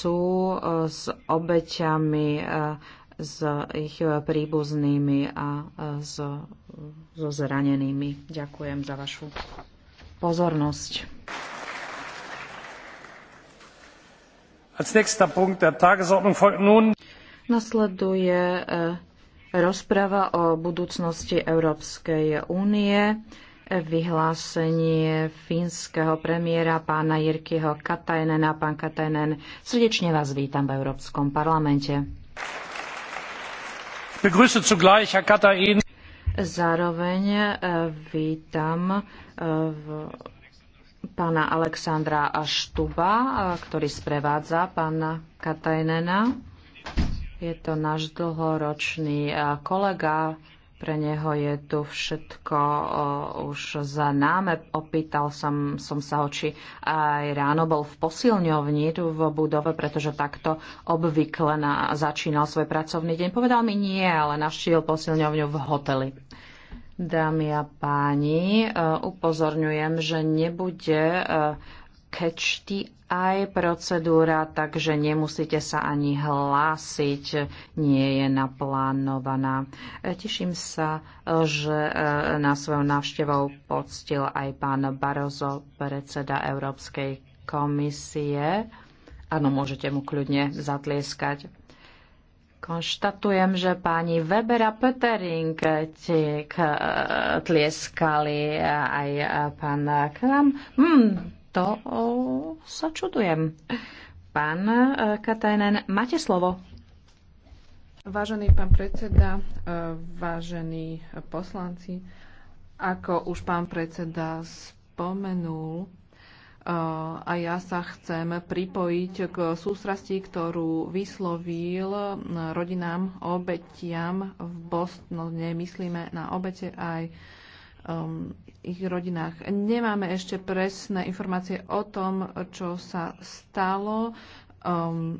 sú e, s obeťami, e, s ich príbuznými a e, so zranenými. Ďakujem za vašu pozornosť. Als nächster Punkt der Tagesordnung folgt nun Nasleduje rozprava o budúcnosti Európskej únie vyhlásenie fínskeho premiéra pána Jirkyho Katajnena. Pán Katajnen, srdečne vás vítam v Európskom parlamente. Zároveň eh, vítam eh, v pána Alexandra Štuba, eh, ktorý sprevádza pána Katajnena. Je to náš dlhoročný kolega, pre neho je tu všetko už za náme. Opýtal som, som sa ho, či aj ráno bol v posilňovni tu v budove, pretože takto obvykle na, začínal svoj pracovný deň. Povedal mi nie, ale navštívil posilňovňu v hoteli. Dámy a páni, e, upozorňujem, že nebude e, catch the eye procedúra, takže nemusíte sa ani hlásiť, nie je naplánovaná. E, teším sa, e, že e, na svojou návštevou poctil aj pán Barozo, predseda Európskej komisie. Áno, môžete mu kľudne zatlieskať. Konštatujem, že páni Weber a Petering tiek tlieskali aj pán Kram. Hmm, to sa čudujem. Pán e, Katajnen, máte slovo. Vážený pán predseda, e, vážení poslanci, ako už pán predseda spomenul, e, a ja sa chcem pripojiť k sústrasti, ktorú vyslovil rodinám obetiam v Bostone. Myslíme na obete aj ich rodinách. Nemáme ešte presné informácie o tom, čo sa stalo, um,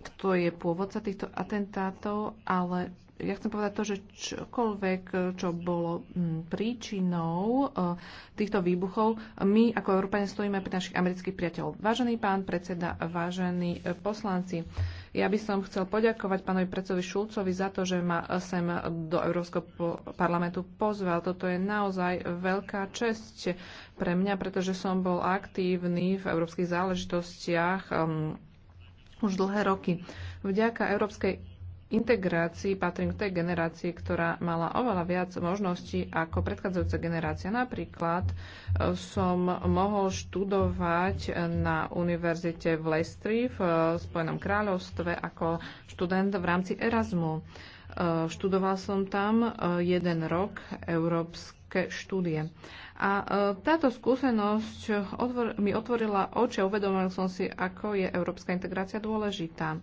kto je pôvodca týchto atentátov, ale ja chcem povedať to, že čokoľvek, čo bolo mm, príčinou uh, týchto výbuchov, my ako Európane stojíme pri našich amerických priateľov. Vážený pán predseda, vážení eh, poslanci, ja by som chcel poďakovať pánovi predsovi Šulcovi za to, že ma sem do Európskeho parlamentu pozval. Toto je naozaj veľká česť pre mňa, pretože som bol aktívny v európskych záležitostiach um, už dlhé roky. Vďaka Európskej integrácii patrím k tej generácii, ktorá mala oveľa viac možností ako predchádzajúca generácia. Napríklad e, som mohol študovať na univerzite v Leicestri v e, Spojenom kráľovstve ako študent v rámci Erasmu. E, študoval som tam jeden rok európsky ke štúdie. A e, táto skúsenosť mi otvorila oči a uvedomil som si, ako je európska integrácia dôležitá. E,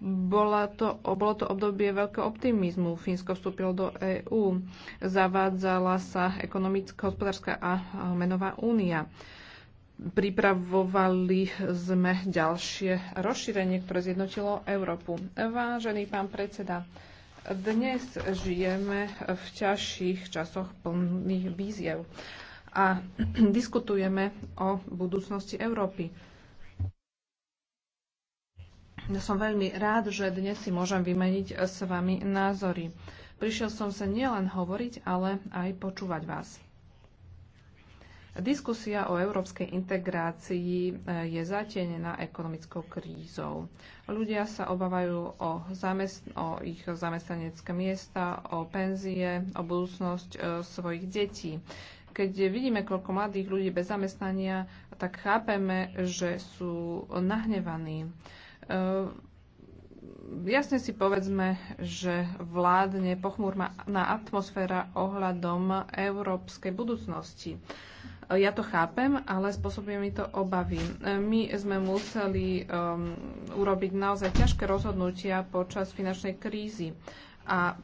bola to, bolo to obdobie veľkého optimizmu. Fínsko vstúpilo do EÚ. Zavádzala sa ekonomická, hospodárska a menová únia pripravovali sme ďalšie rozšírenie, ktoré zjednotilo Európu. Vážený pán predseda, dnes žijeme v ťažších časoch plných víziev a diskutujeme o budúcnosti Európy. Ja Som veľmi rád, že dnes si môžem vymeniť s vami názory. Prišiel som sa nielen hovoriť, ale aj počúvať vás. Diskusia o európskej integrácii e, je zatienená ekonomickou krízou. Ľudia sa obávajú o, zamest- o ich zamestnanecké miesta, o penzie, o budúcnosť e, svojich detí. Keď vidíme, koľko mladých ľudí bez zamestnania, tak chápeme, že sú nahnevaní. E, jasne si povedzme, že vládne pochmúrna atmosféra ohľadom európskej budúcnosti. Ja to chápem, ale spôsobuje mi to obavy. E, my sme museli um, urobiť naozaj ťažké rozhodnutia počas finančnej krízy a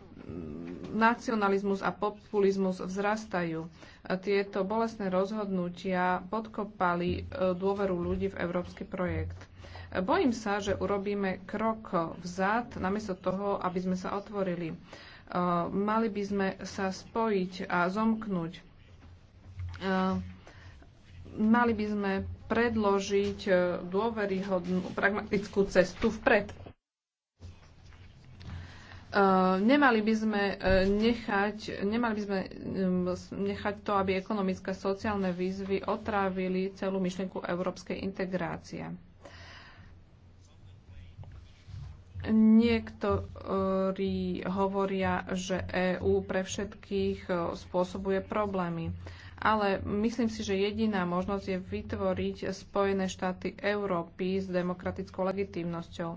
nacionalizmus a populizmus vzrastajú. E, tieto bolestné rozhodnutia podkopali e, dôveru ľudí v európsky projekt. Bojím sa, že urobíme krok vzad, namiesto toho, aby sme sa otvorili. Mali by sme sa spojiť a zomknúť mali by sme predložiť e, dôveryhodnú pragmatickú cestu vpred. E, nemali by sme e, nechať, nemali by sme nechať to, aby ekonomické a sociálne výzvy otrávili celú myšlienku európskej integrácie. Niektorí hovoria, že EÚ pre všetkých spôsobuje problémy ale myslím si, že jediná možnosť je vytvoriť Spojené štáty Európy s demokratickou legitímnosťou.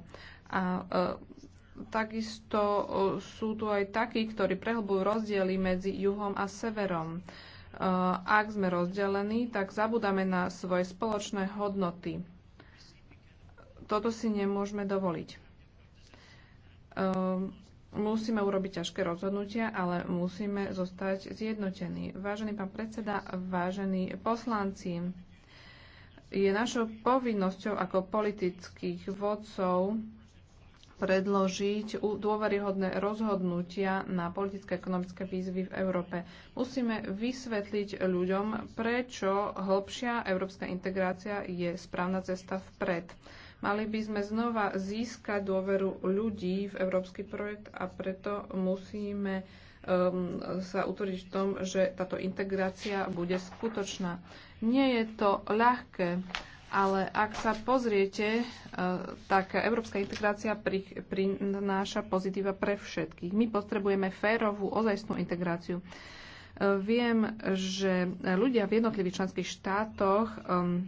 A e, takisto e, sú tu aj takí, ktorí prehlbujú rozdiely medzi juhom a severom. E, ak sme rozdelení, tak zabudáme na svoje spoločné hodnoty. Toto si nemôžeme dovoliť. E, Musíme urobiť ťažké rozhodnutia, ale musíme zostať zjednotení. Vážený pán predseda, vážení poslanci, je našou povinnosťou ako politických vodcov predložiť dôveryhodné rozhodnutia na politické a ekonomické výzvy v Európe. Musíme vysvetliť ľuďom, prečo hĺbšia európska integrácia je správna cesta vpred. Mali by sme znova získať dôveru ľudí v európsky projekt a preto musíme um, sa utvrdiť v tom, že táto integrácia bude skutočná. Nie je to ľahké, ale ak sa pozriete, uh, tak európska integrácia pri, prináša pozitíva pre všetkých. My potrebujeme férovú, ozajstnú integráciu. Uh, viem, že ľudia v jednotlivých členských štátoch um,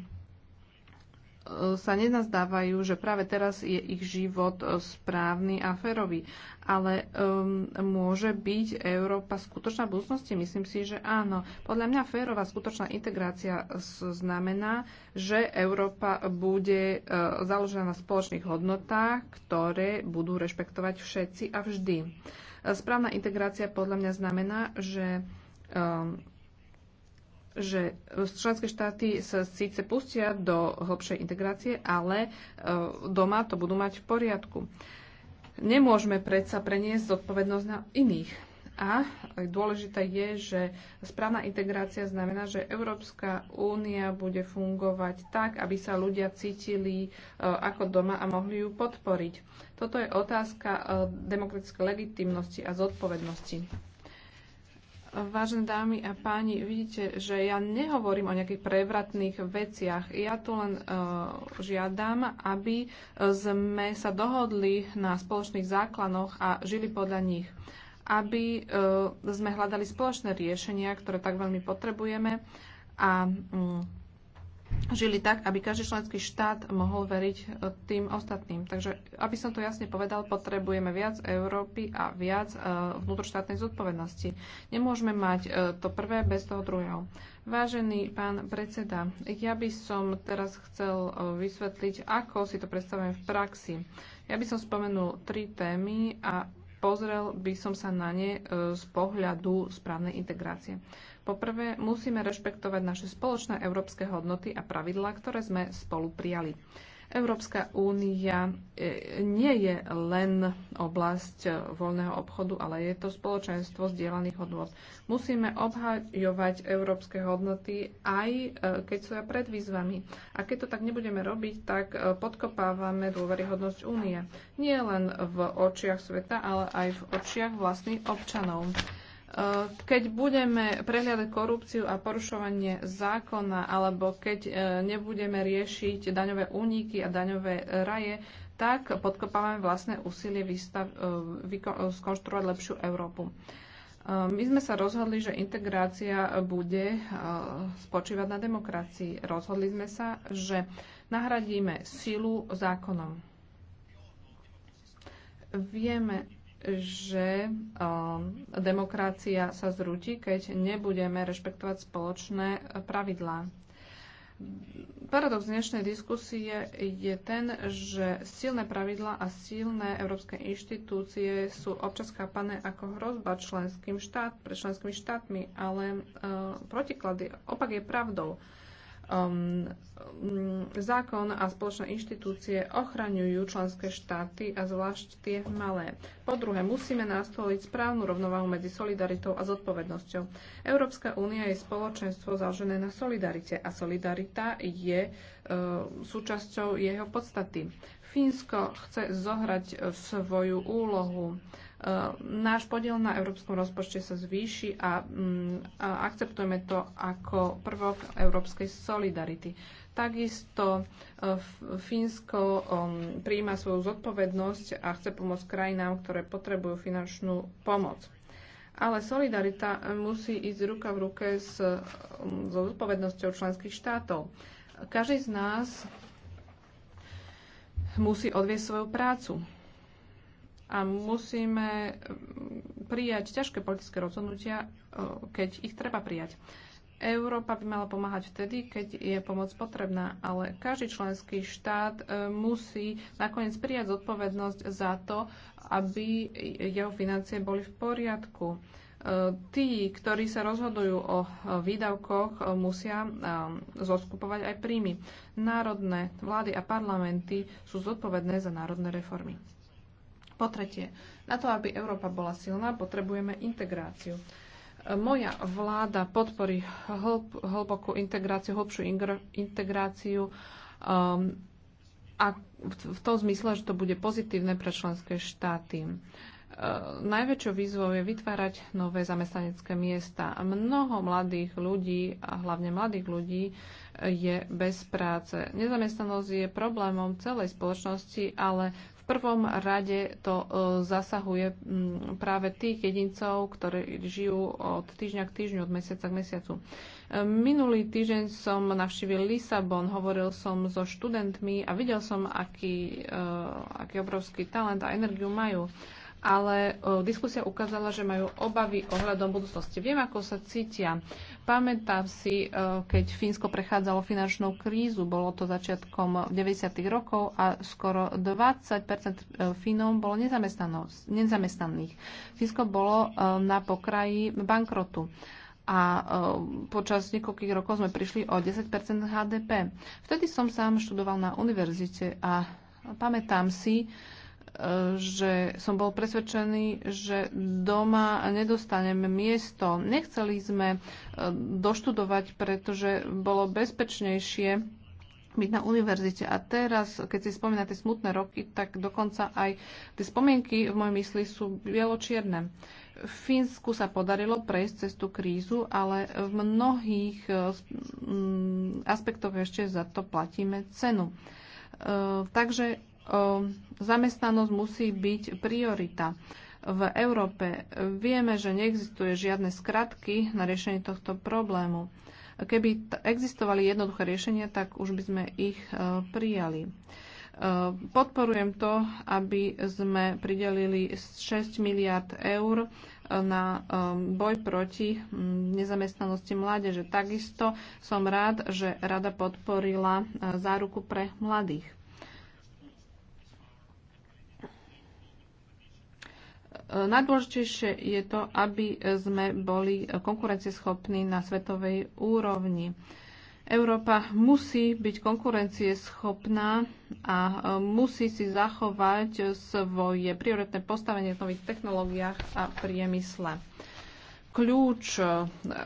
sa nenazdávajú, že práve teraz je ich život e, správny a férový. Ale um, môže byť Európa skutočná v budúcnosti? Myslím si, že áno. Podľa mňa férová skutočná integrácia znamená, že Európa bude uh, založená na spoločných hodnotách, ktoré budú rešpektovať všetci a vždy. E, správna integrácia podľa mňa znamená, že um, že e, členské štáty sa síce pustia do hlbšej integrácie, ale e, doma to budú mať v poriadku. Nemôžeme predsa preniesť zodpovednosť na iných. A dôležité je, že správna integrácia znamená, že Európska únia bude fungovať tak, aby sa ľudia cítili e, ako doma a mohli ju podporiť. Toto je otázka demokratickej legitimnosti a zodpovednosti. Vážené dámy a páni, vidíte, že ja nehovorím o nejakých prevratných veciach. Ja tu len uh, žiadam, aby e, sme sa dohodli na spoločných základoch a žili podľa nich. Aby uh, sme hľadali spoločné riešenia, ktoré tak veľmi potrebujeme a um, žili tak, aby každý členský štát mohol veriť e, tým ostatným. Takže, aby som to jasne povedal, potrebujeme viac Európy a viac e, vnútroštátnej zodpovednosti. Nemôžeme mať e, to prvé bez toho druhého. Vážený pán predseda, ja by som teraz chcel vysvetliť, ako si to predstavujem v praxi. Ja by som spomenul tri témy a pozrel by som sa na ne z pohľadu správnej integrácie. Poprvé, musíme rešpektovať naše spoločné európske hodnoty a pravidlá, ktoré sme spolu prijali. Európska únia e, nie je len oblasť e, voľného obchodu, ale je to spoločenstvo zdieľaných hodnot. Musíme obhajovať európske hodnoty aj e, keď sú ja pred výzvami. A keď to tak nebudeme robiť, tak podkopávame dôveryhodnosť únie. Nie len v očiach sveta, ale aj v očiach vlastných občanov. Eh, keď budeme prehliadať korupciu a porušovanie zákona, alebo keď eh, nebudeme riešiť daňové úniky a daňové raje, tak podkopávame vlastné úsilie eh, skonštruovať lepšiu Európu. My sme sa rozhodli, že integrácia bude spočívať na demokracii. Rozhodli sme sa, že nahradíme silu zákonom. Vieme, že um, demokracia sa zrúti, keď nebudeme rešpektovať spoločné pravidlá. Paradox dnešnej diskusie je ten, že silné pravidlá a silné európske inštitúcie sú občas chápané ako hrozba členským štát, pre členskými štátmi, ale uh, protiklady, opak je pravdou. Uh, Um, um, zákon a spoločné inštitúcie ochraňujú členské štáty a zvlášť tie malé. Po druhé, musíme nastoliť správnu rovnováhu medzi solidaritou a zodpovednosťou. Európska únia je spoločenstvo založené na solidarite a solidarita je e, súčasťou jeho podstaty. Fínsko chce zohrať uh, svoju úlohu Ehm, náš podiel na európskom rozpočte sa zvýši a, mm, a akceptujeme to ako prvok európskej solidarity. Takisto e, Fínsko ehm, prijíma svoju zodpovednosť a chce pomôcť krajinám, ktoré potrebujú finančnú pomoc. Ale solidarita e, musí ísť ruka v ruke s, e, so zodpovednosťou členských štátov. Každý z nás musí odvieť svoju prácu a musíme mm, prijať ťažké politické rozhodnutia, keď ich treba prijať. Európa by mala pomáhať vtedy, keď je pomoc potrebná, ale každý členský štát e, musí nakoniec prijať zodpovednosť za to, aby jeho financie boli v poriadku. E, tí, ktorí sa rozhodujú o výdavkoch, e, musia zoskupovať aj príjmy. Národné vlády a parlamenty sú zodpovedné za národné reformy. Po tretie, na to, aby Európa bola silná, potrebujeme integráciu. E, moja vláda podporí hlb, hlbokú integráciu, hlbšiu integráciu um, a v tom zmysle, že to bude pozitívne pre členské štáty. E, najväčšou výzvou je vytvárať nové zamestnanecké miesta. Mnoho mladých ľudí, a hlavne mladých ľudí, je bez práce. Nezamestnanosť je problémom celej spoločnosti, ale prvom rade to e, zasahuje mm, práve tých jedincov, ktorí žijú od týždňa k týždňu, od mesiaca k mesiacu. E, minulý týždeň som navštívil Lisabon, hovoril som so študentmi a videl som, aký, e, aký obrovský talent a energiu majú ale uh, diskusia ukázala, že majú obavy ohľadom budúcnosti. Viem, ako sa cítia. Pamätám si, uh, keď Fínsko prechádzalo finančnú krízu, bolo to začiatkom 90. rokov a skoro 20 e, Fínov bolo nezamestnaných. Fínsko bolo uh, na pokraji bankrotu a e, počas niekoľkých rokov sme prišli o 10 HDP. Vtedy som sám študoval na univerzite a pamätám si, že som bol presvedčený, že doma nedostaneme miesto. Nechceli sme e, doštudovať, pretože bolo bezpečnejšie byť na univerzite. A teraz, keď si spomínate smutné roky, tak dokonca aj tie spomienky v mojej mysli sú bieločierne. Fínsku sa podarilo prejsť cez tú krízu, ale v mnohých e, aspektoch ešte za to platíme cenu. E, takže zamestnanosť musí byť priorita. V Európe vieme, že neexistuje žiadne skratky na riešenie tohto problému. Keby existovali jednoduché riešenia, tak už by sme ich e, prijali. E, podporujem to, aby sme pridelili 6 miliard eur e, na boj proti nezamestnanosti mládeže. Takisto som rád, že rada podporila záruku pre mladých. E, najdôležitejšie je to, aby sme boli konkurencieschopní na svetovej úrovni. Európa musí byť konkurencieschopná a e, musí si zachovať svoje prioritné postavenie v nových technológiách a priemysle. Kľúč e,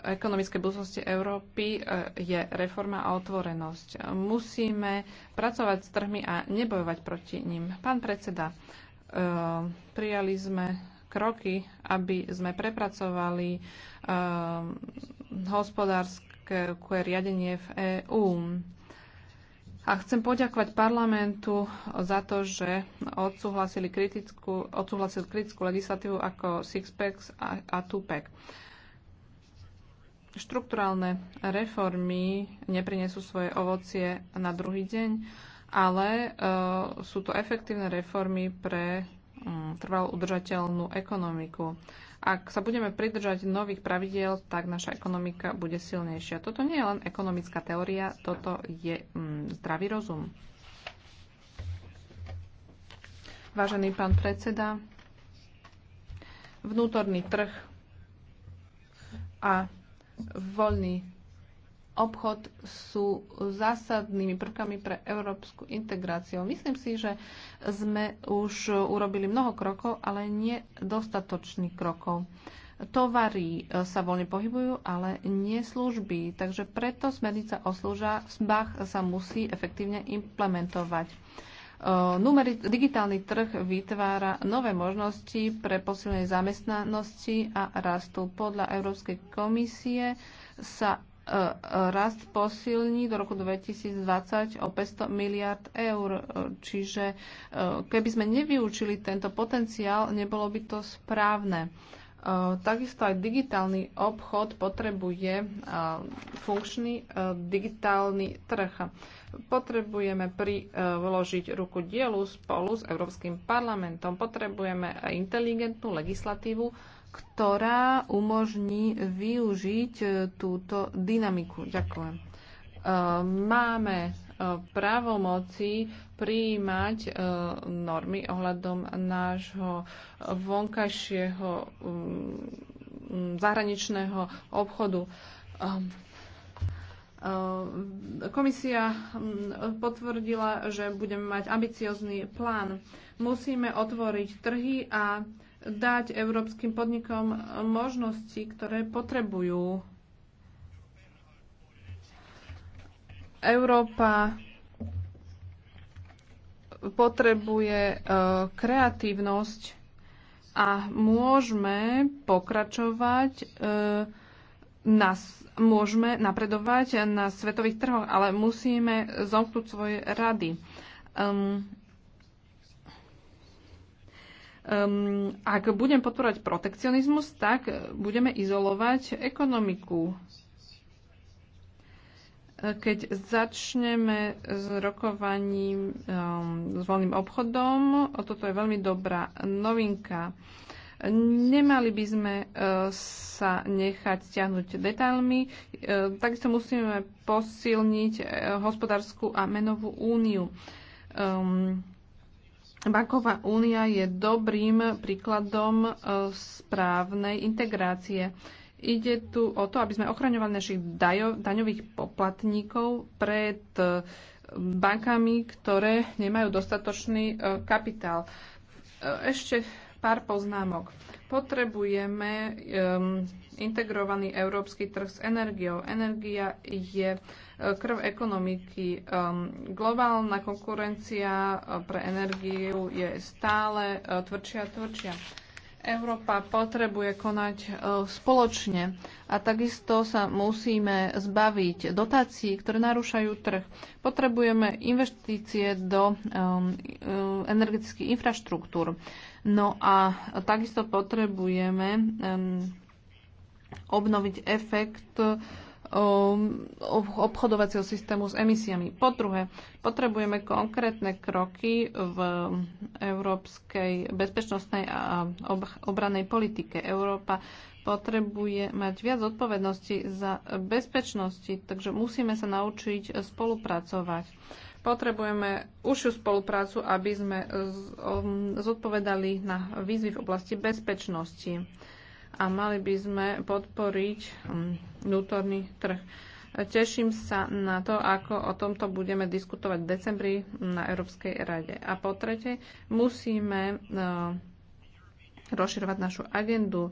ekonomickej budúcnosti Európy je reforma a otvorenosť. Musíme pracovať s trhmi a nebojovať proti ním. Pán predseda, Eh, prijali sme kroky, aby sme prepracovali eh, hospodárske riadenie v EÚ. A chcem poďakovať parlamentu za to, že odsúhlasili kritickú, odsúhlasili kritickú legislatívu ako Sixpacks a, a Tupac. Štruktúrálne reformy neprinesú svoje ovocie na druhý deň ale e, sú to efektívne reformy pre mm, trvalo udržateľnú ekonomiku. Ak sa budeme pridržať nových pravidiel, tak naša ekonomika bude silnejšia. Toto nie je len ekonomická teória, toto je mm, zdravý rozum. Vážený pán predseda, vnútorný trh a voľný obchod sú zásadnými prvkami pre európsku integráciu. Myslím si, že sme už urobili mnoho krokov, ale nie dostatočných krokov. Tovary eh, sa voľne pohybujú, ale nie služby, takže preto smernica o službách sa musí efektívne implementovať. Eh, Numeri, digitálny trh vytvára nové možnosti pre posilnenie zamestnanosti a rastu. Podľa Európskej komisie sa rast posilní do roku 2020 o 500 miliard eur. Čiže e, keby sme nevyučili tento potenciál, nebolo by to správne. E, takisto aj digitálny obchod potrebuje e, funkčný digitálny trh. Potrebujeme priložiť ruku dielu spolu s Európskym parlamentom. Potrebujeme inteligentnú legislatívu, ktorá umožní využiť e, túto dynamiku. Ďakujem. E, máme e, právomoci prijímať normy ohľadom nášho vonkajšieho mm, zahraničného obchodu. Ehm, komisia mm, potvrdila, že budeme mať ambiciózny plán. Musíme otvoriť trhy a dať európskym podnikom možnosti, ktoré potrebujú. Európa potrebuje e, kreatívnosť a môžeme pokračovať e, môžeme napredovať na svetových trhoch, ale musíme zomknúť svoje rady um, ak budem podporovať protekcionizmus, tak budeme izolovať ekonomiku. Keď začneme s rokovaním um, s voľným obchodom, toto je veľmi dobrá novinka. Nemali by sme uh, sa nechať stiahnuť detailmi, uh, takisto musíme posilniť uh, hospodárskú a menovú úniu. Um, Banková únia je dobrým príkladom e, správnej integrácie. Ide tu o to, aby sme ochraňovali našich daňových poplatníkov pred e, bankami, ktoré nemajú dostatočný e, kapitál. Ešte pár poznámok. Potrebujeme integrovaný európsky trh s energiou. Energia je krv ekonomiky. Ehm, globálna konkurencia eh, pre energiu je stále eh, tvrdšia a tvrdšia. Európa potrebuje konať eh, spoločne a takisto sa musíme zbaviť dotácií, ktoré narúšajú trh. Potrebujeme investície do ehm, energetických infraštruktúr. No a takisto potrebujeme ehm, obnoviť efekt Um, obchodovacieho systému s emisiami. Po druhé, potrebujeme konkrétne kroky v európskej bezpečnostnej a obranej politike. Európa potrebuje mať viac odpovednosti za bezpečnosti, takže musíme sa naučiť spolupracovať. Potrebujeme užšiu spoluprácu, aby sme um, zodpovedali na výzvy v oblasti bezpečnosti a mali by sme podporiť mm, vnútorný trh. Teším sa na to, ako o tomto budeme diskutovať v decembri na Európskej rade. A po tretie, musíme eh, rozširovať našu agendu. Eh,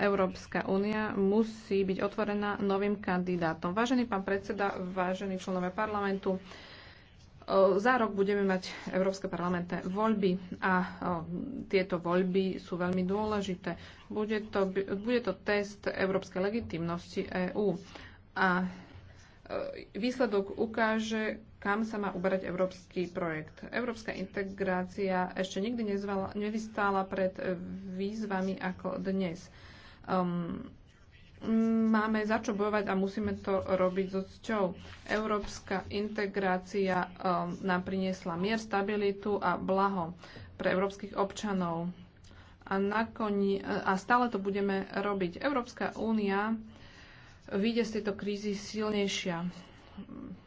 Európska únia musí byť otvorená novým kandidátom. Vážený pán predseda, vážení členové parlamentu, za rok budeme mať európske parlamentné voľby a tieto voľby sú veľmi dôležité. Bude to, bude to test európskej legitimnosti EÚ a výsledok ukáže, kam sa má uberať európsky projekt. Európska integrácia ešte nikdy nevystála pred výzvami ako dnes. Um, máme za čo bojovať a musíme to robiť so cťou. Európska integrácia um, nám priniesla mier, stabilitu a blaho pre európskych občanov. A, nakoni, a stále to budeme robiť. Európska únia vyjde z tejto krízy silnejšia.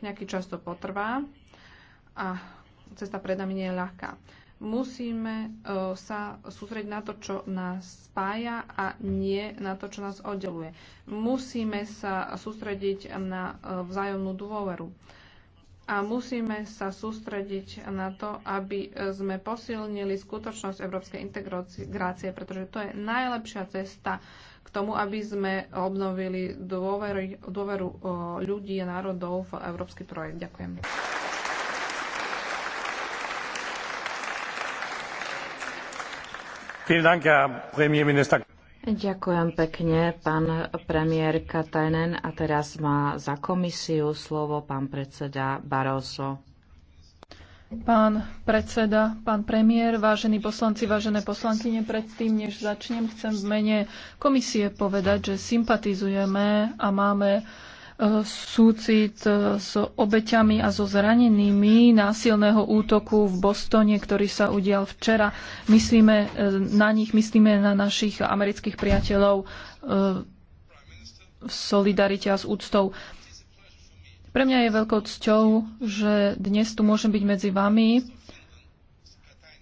Nejaký čas to potrvá a cesta pred nami nie je ľahká musíme e, sa sústrediť na to, čo nás spája a nie na to, čo nás oddeluje. Musíme sa sústrediť na e, vzájomnú dôveru. A musíme sa sústrediť na to, aby sme posilnili skutočnosť európskej integrácie, pretože to je najlepšia cesta k tomu, aby sme obnovili dôveru, dôveru ľudí a národov v európsky projekt. Ďakujem. Ďakujem pekne, pán premiér Katainen A teraz má za komisiu slovo pán predseda Barroso. Pán predseda, pán premiér, vážení poslanci, vážené poslankyne, predtým, než začnem, chcem v mene komisie povedať, že sympatizujeme a máme súcit e, s obeťami a so zranenými násilného útoku v Bostone, ktorý sa udial včera. Myslíme e, na nich, myslíme na našich amerických priateľov e, v solidarite a s úctou. Pre mňa je veľkou cťou, že dnes tu môžem byť medzi vami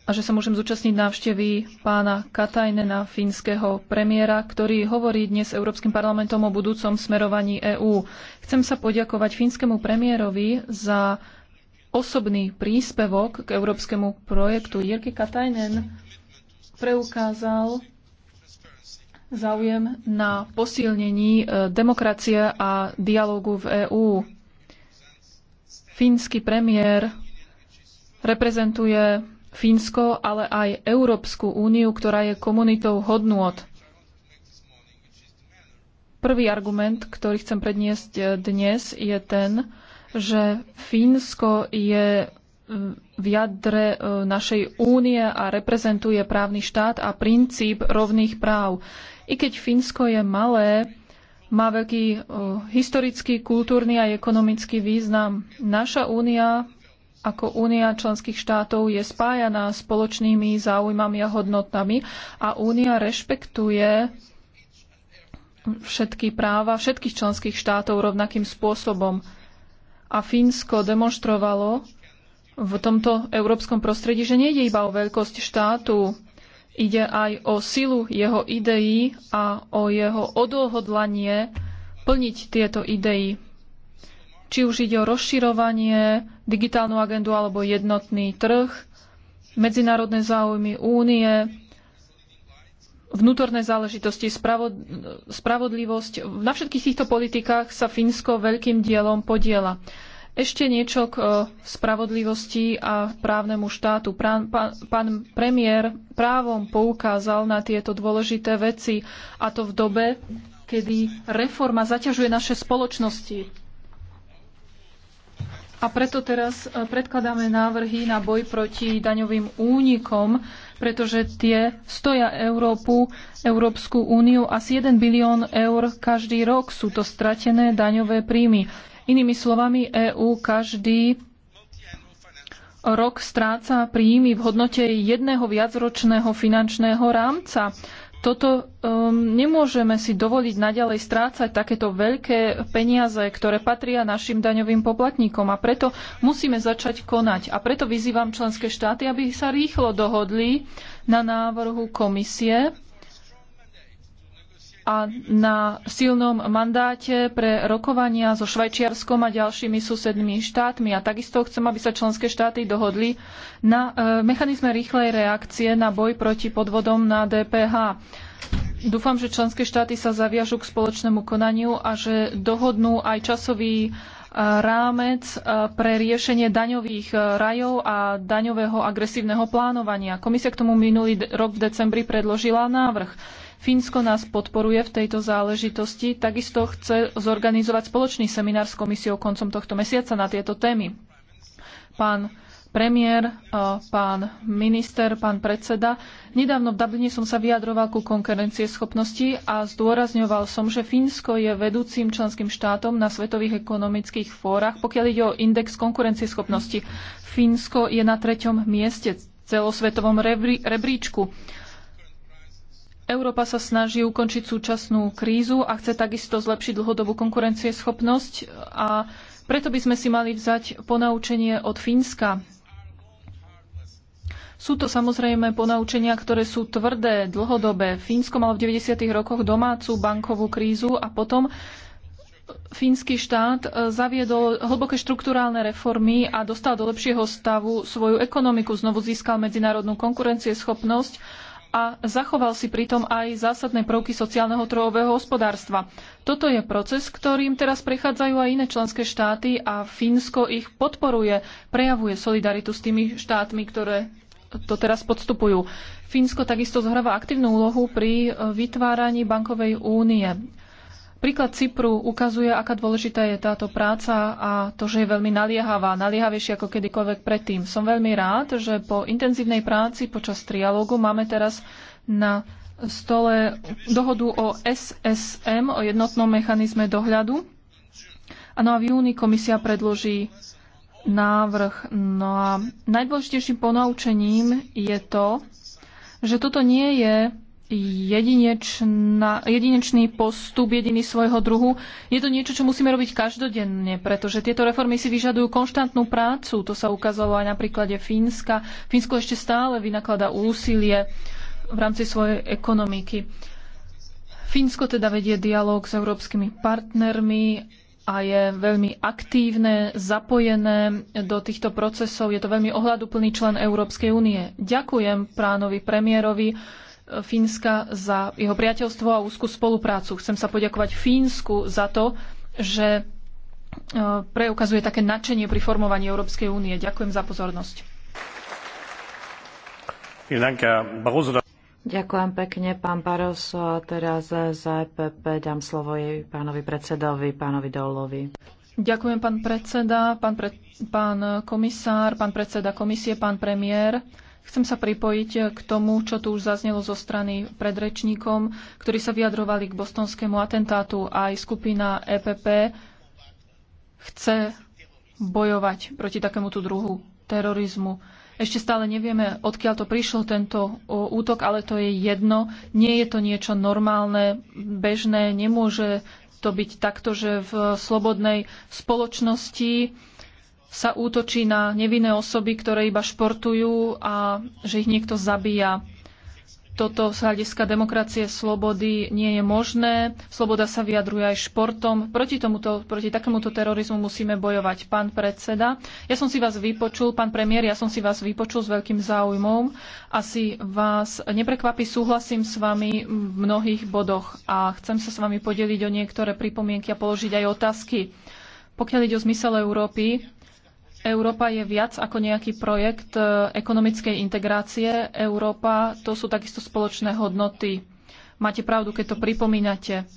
a že sa môžem zúčastniť návštevy pána Katajnena, fínskeho premiéra, ktorý hovorí dnes Európskym parlamentom o budúcom smerovaní EÚ. Chcem sa poďakovať fínskemu premiérovi za osobný príspevok k európskemu projektu. Jirky Katajnen preukázal záujem na posilnení e, demokracie a dialógu v EÚ. Fínsky premiér reprezentuje Fínsko, ale aj Európsku úniu, ktorá je komunitou hodnôt. Prvý argument, ktorý chcem predniesť eh, dnes, je ten, že Fínsko je eh, v jadre eh, našej únie a reprezentuje právny štát a princíp rovných práv. I keď Fínsko je malé, má veľký historický, kultúrny a ekonomický význam. Naša únia ako únia členských štátov je spájaná spoločnými záujmami a hodnotami a únia rešpektuje všetky práva všetkých členských štátov rovnakým spôsobom. A Fínsko demonstrovalo v tomto európskom prostredí, že nejde iba o veľkosť štátu, ide aj o silu jeho ideí a o jeho odohodlanie plniť tieto idei či už ide o rozširovanie, digitálnu agendu alebo jednotný trh, medzinárodné záujmy únie, vnútorné záležitosti, spravod spravodlivosť. Na všetkých týchto politikách sa Fínsko veľkým dielom podiela. Ešte niečo k e, spravodlivosti a právnemu štátu. Pán, pán, pán premiér právom poukázal na tieto dôležité veci a to v dobe, kedy reforma zaťažuje naše spoločnosti. A preto teraz e, predkladáme návrhy na boj proti daňovým únikom, pretože tie stoja Európu, Európsku úniu asi 1 bilión eur každý rok. Sú to stratené daňové príjmy. Inými slovami, EÚ každý rok stráca príjmy v hodnote jedného viacročného finančného rámca. Toto um, nemôžeme si dovoliť naďalej strácať takéto veľké peniaze, ktoré patria našim daňovým poplatníkom a preto musíme začať konať. A preto vyzývam členské štáty, aby sa rýchlo dohodli na návrhu komisie a na silnom mandáte pre rokovania so Švajčiarskom a ďalšími susednými štátmi. A takisto chcem, aby sa členské štáty dohodli na e, mechanizme rýchlej reakcie na boj proti podvodom na DPH. Dúfam, že členské štáty sa zaviažu k spoločnému konaniu a že dohodnú aj časový e, rámec e, pre riešenie daňových rajov a daňového agresívneho plánovania. Komisia k tomu minulý rok v decembri predložila návrh. Fínsko nás podporuje v tejto záležitosti, takisto chce zorganizovať spoločný seminár s komisiou koncom tohto mesiaca na tieto témy. Pán premiér, eh, pán minister, pán predseda. Nedávno v Dubline som sa vyjadroval ku konkurencie schopnosti a zdôrazňoval som, že Fínsko je vedúcim členským štátom na svetových ekonomických fórach, pokiaľ ide o index konkurencie schopnosti. Fínsko je na treťom mieste v celosvetovom rebríčku. Európa sa snaží ukončiť súčasnú krízu a chce takisto zlepšiť dlhodobú konkurencieschopnosť a preto by sme si mali vzať ponaučenie od Fínska. Sú to samozrejme ponaučenia, ktoré sú tvrdé, dlhodobé. Fínsko malo v 90. rokoch domácu bankovú krízu a potom fínsky štát e, zaviedol hlboké štruktúrálne reformy a dostal do lepšieho stavu svoju ekonomiku. Znovu získal medzinárodnú konkurencieschopnosť a zachoval si pritom aj zásadné prvky sociálneho trhového hospodárstva. Toto je proces, ktorým teraz prechádzajú aj iné členské štáty a Fínsko ich podporuje, prejavuje solidaritu s tými štátmi, ktoré to teraz podstupujú. Fínsko takisto zohráva aktívnu úlohu pri vytváraní bankovej únie. Príklad Cypru ukazuje, aká dôležitá je táto práca a to, že je veľmi naliehavá, naliehavejšia ako kedykoľvek predtým. Som veľmi rád, že po intenzívnej práci počas trialógu máme teraz na stole dohodu o SSM, o jednotnom mechanizme dohľadu. A no a v júni komisia predloží návrh. No a najdôležitejším ponaučením je to, že toto nie je jedinečná, jedinečný postup, jediný svojho druhu. Je to niečo, čo musíme robiť každodenne, pretože tieto reformy si vyžadujú konštantnú prácu. To sa ukázalo aj na príklade Fínska. Fínsko ešte stále vynakladá úsilie v rámci svojej ekonomiky. Fínsko teda vedie dialog s európskymi partnermi a je veľmi aktívne, zapojené do týchto procesov. Je to veľmi ohľaduplný člen Európskej únie. Ďakujem pránovi premiérovi Fínska za jeho priateľstvo a úzkú spoluprácu. Chcem sa poďakovať Fínsku za to, že e, preukazuje také nadšenie pri formovaní Európskej únie. Ďakujem za pozornosť. Ďakujem pekne, pán a Teraz za EPP dám slovo jej pánovi predsedovi, pánovi Dolovi. Ďakujem, pán predseda, pán, pre, pán komisár, pán predseda komisie, pán premiér. Chcem sa pripojiť eh, k tomu, čo tu už zaznelo zo strany predrečníkom, ktorí sa vyjadrovali k bostonskému atentátu. Aj skupina EPP chce bojovať proti takémuto druhu terorizmu. Ešte stále nevieme, odkiaľ to prišlo, tento útok, ale to je jedno. Nie je to niečo normálne, bežné. Nemôže to byť takto, že v slobodnej spoločnosti sa útočí na nevinné osoby, ktoré iba športujú a že ich niekto zabíja. Toto z hľadiska demokracie slobody nie je možné. Sloboda sa vyjadruje aj športom. Proti, tomuto, proti takémuto terorizmu musíme bojovať. Pán predseda, ja som si vás vypočul, pán premiér, ja som si vás vypočul s veľkým záujmom. Asi vás neprekvapí, súhlasím s vami v mnohých bodoch a chcem sa s vami podeliť o niektoré pripomienky a položiť aj otázky. Pokiaľ ide o zmysel Európy, Európa je viac ako nejaký projekt e, ekonomickej integrácie. Európa to sú takisto spoločné hodnoty. Máte pravdu, keď to pripomínate.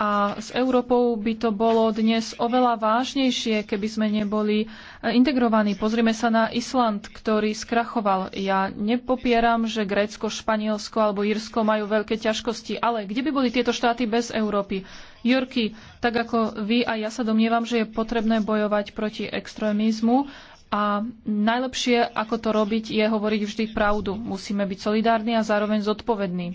A s Európou by to bolo dnes oveľa vážnejšie, keby sme neboli integrovaní. Pozrime sa na Island, ktorý skrachoval. Ja nepopieram, že Grécko, Španielsko alebo Írsko majú veľké ťažkosti, ale kde by boli tieto štáty bez Európy? Jurky, tak ako vy a ja sa domnievam, že je potrebné bojovať proti extrémizmu, a najlepšie, ako to robiť, je hovoriť vždy pravdu. Musíme byť solidárni a zároveň zodpovední.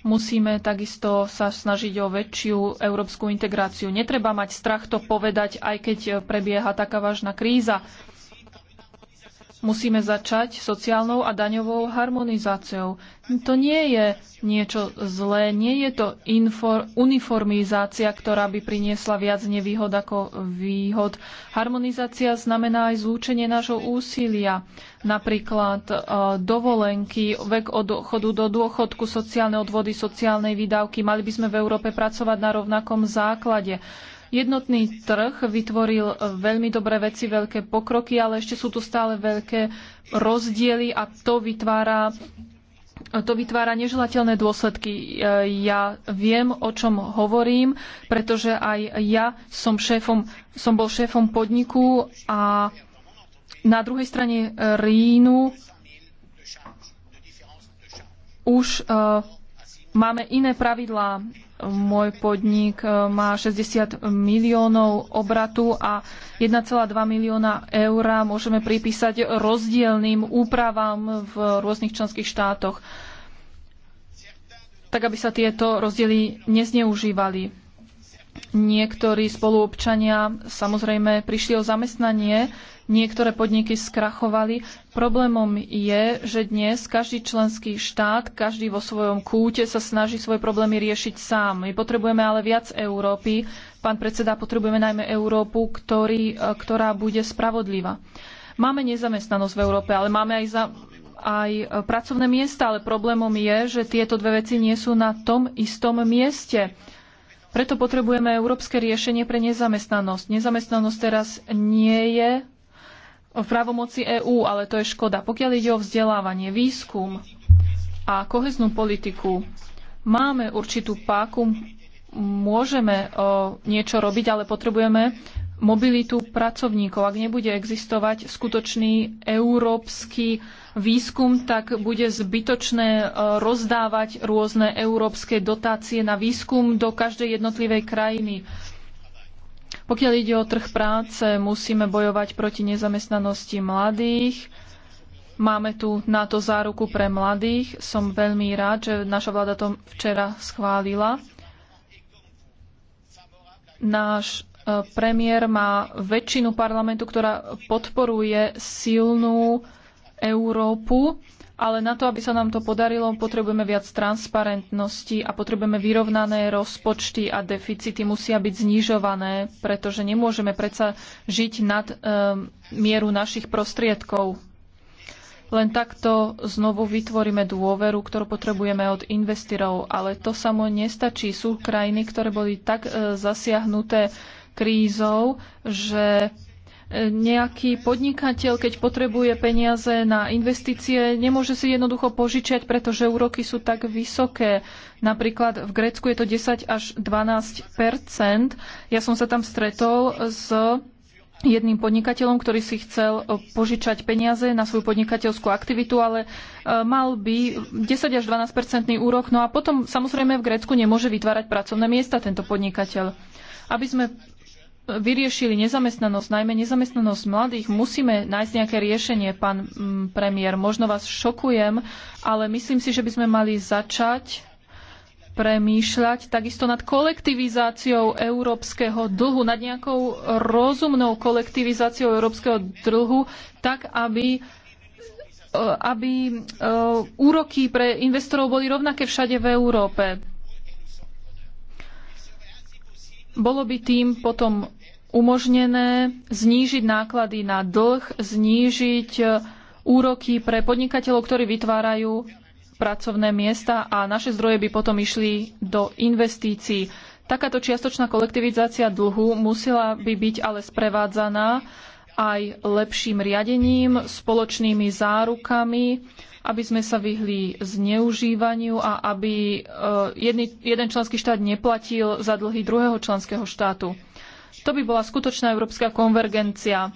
Musíme takisto sa snažiť o väčšiu európsku integráciu. Netreba mať strach to povedať, aj keď prebieha taká vážna kríza. Musíme začať sociálnou a daňovou harmonizáciou. To nie je niečo zlé, nie je to uniformizácia, ktorá by priniesla viac nevýhod ako výhod. Harmonizácia znamená aj zlúčenie nášho úsilia, napríklad e, dovolenky, vek od chodu do dôchodku, sociálne odvody, sociálnej výdavky. Mali by sme v Európe pracovať na rovnakom základe. Jednotný trh vytvoril veľmi dobré veci, veľké pokroky, ale ešte sú tu stále veľké rozdiely a to vytvára to vytvára neželateľné dôsledky. Ja viem, o čom hovorím, pretože aj ja som, šéfom, som bol šéfom podniku a na druhej strane Rínu už eh, máme iné pravidlá môj podnik e, má 60 miliónov obratu a 1,2 milióna eur môžeme pripísať rozdielným úpravám v rôznych členských štátoch, tak aby sa tieto rozdiely nezneužívali. Niektorí spoluobčania samozrejme prišli o zamestnanie, niektoré podniky skrachovali. Problémom je, že dnes každý členský štát, každý vo svojom kúte sa snaží svoje problémy riešiť sám. My potrebujeme ale viac Európy. Pán predseda, potrebujeme najmä Európu, ktorý, e, ktorá bude spravodlivá. Máme nezamestnanosť v Európe, ale máme aj, za, aj e, pracovné miesta, ale problémom je, že tieto dve veci nie sú na tom istom mieste preto potrebujeme európske riešenie pre nezamestnanosť. Nezamestnanosť teraz nie je v právomoci EÚ, ale to je škoda. Pokiaľ ide o vzdelávanie, výskum a koheznú politiku, máme určitú páku, môžeme niečo robiť, ale potrebujeme mobilitu pracovníkov. Ak nebude existovať skutočný európsky výskum, tak bude zbytočné e, rozdávať rôzne európske dotácie na výskum do každej jednotlivej krajiny. Pokiaľ ide o trh práce, musíme bojovať proti nezamestnanosti mladých. Máme tu na to záruku pre mladých. Som veľmi rád, že naša vláda to včera schválila. Náš e, premiér má väčšinu parlamentu, ktorá podporuje silnú Európu, ale na to, aby sa nám to podarilo, potrebujeme viac transparentnosti a potrebujeme vyrovnané rozpočty a deficity musia byť znižované, pretože nemôžeme predsa žiť nad um, mieru našich prostriedkov. Len takto znovu vytvoríme dôveru, ktorú potrebujeme od investorov, ale to samo nestačí. Sú krajiny, ktoré boli tak e, zasiahnuté krízou, že nejaký podnikateľ, keď potrebuje peniaze na investície, nemôže si jednoducho požičať, pretože úroky sú tak vysoké. Napríklad v Grécku je to 10 až 12 Ja som sa tam stretol s jedným podnikateľom, ktorý si chcel e, požičať peniaze na svoju podnikateľskú aktivitu, ale e, mal by 10 až 12 úrok. No a potom samozrejme v Grécku nemôže vytvárať pracovné miesta tento podnikateľ. Aby sme vyriešili nezamestnanosť, najmä nezamestnanosť mladých, musíme nájsť nejaké riešenie, pán mm, premiér. Možno vás šokujem, ale myslím si, že by sme mali začať premýšľať takisto nad kolektivizáciou európskeho dlhu, nad nejakou rozumnou kolektivizáciou európskeho dlhu, tak aby e, aby e, úroky pre investorov boli rovnaké všade v Európe. Bolo by tým potom umožnené znížiť náklady na dlh, znížiť e, úroky pre podnikateľov, ktorí vytvárajú pracovné miesta a naše zdroje by potom išli do investícií. Takáto čiastočná kolektivizácia dlhu musela by byť ale sprevádzaná aj lepším riadením, spoločnými zárukami, aby sme sa vyhli zneužívaniu a aby e, jeden členský štát neplatil za dlhy druhého členského štátu. To by bola skutočná európska konvergencia.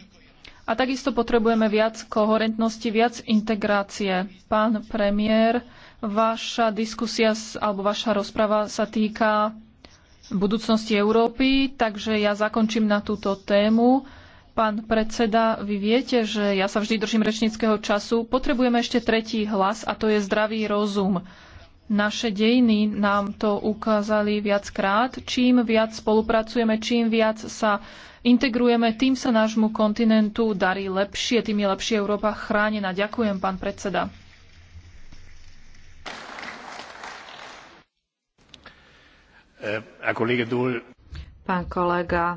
A takisto potrebujeme viac koherentnosti, viac integrácie. Pán premiér, vaša diskusia alebo vaša rozprava sa týka budúcnosti Európy, takže ja zakončím na túto tému. Pán predseda, vy viete, že ja sa vždy držím rečníckého času. Potrebujeme ešte tretí hlas a to je zdravý rozum. Naše dejiny nám to ukázali viackrát. Čím viac spolupracujeme, čím viac sa integrujeme, tým sa nášmu kontinentu darí lepšie, tým je lepšie Európa chránená. Ďakujem, pán predseda. Eh, pán kolega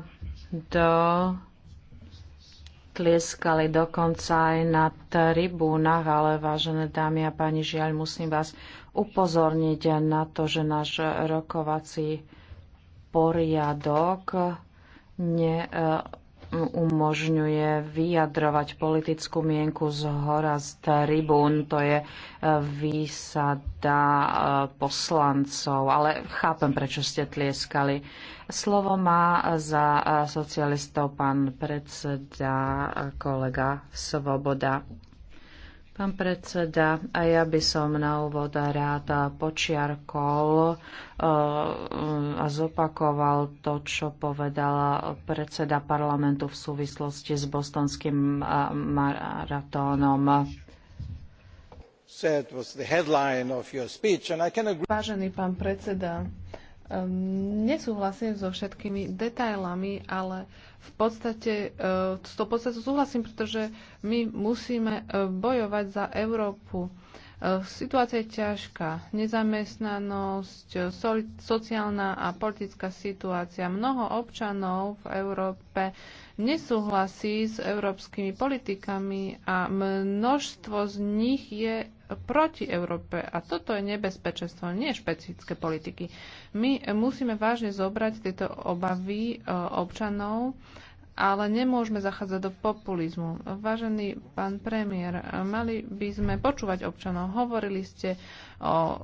do tlieskali dokonca aj na tribúnach, ale vážené dámy a páni, žiaľ, musím vás upozorniť na to, že náš rokovací poriadok neumožňuje vyjadrovať politickú mienku z hora z tribún. To je e, výsada e, poslancov, ale chápem, prečo ste tlieskali. Slovo má za e, socialistov pán predseda kolega Svoboda. Pán predseda, a ja by som na úvod rád počiarkol eh, a zopakoval to, čo povedala predseda parlamentu v súvislosti s bostonským eh, maratónom. Vážený pán predseda, Ehm, nesúhlasím so všetkými detailami, ale v podstate ehm, s tou podstatou súhlasím, pretože my musíme ehm, bojovať za Európu. Eh, situácia je ťažká. Nezamestnanosť, eh, sociálna a politická situácia. Mnoho občanov v Európe nesúhlasí s európskymi politikami a množstvo z nich je proti Európe. A toto je nebezpečenstvo, nie špecifické politiky. My musíme vážne zobrať tieto obavy eh, občanov ale nemôžeme zachádzať do populizmu. Vážený pán premiér, mali by sme počúvať občanov. Hovorili ste o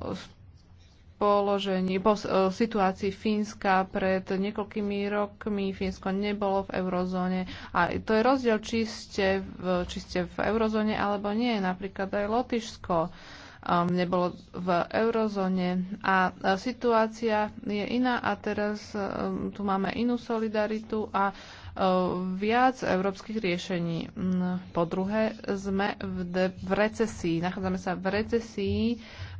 položení, po situácii Fínska pred niekoľkými rokmi. Fínsko nebolo v eurozóne. A to je rozdiel, či ste v, či ste v eurozóne alebo nie. Napríklad aj Lotyšsko um, nebolo v eurozóne. A situácia je iná a teraz um, tu máme inú solidaritu a uh, Ehm, viac európskych riešení. Mm, po druhé, sme v, de- v recesii, nachádzame sa v recesii,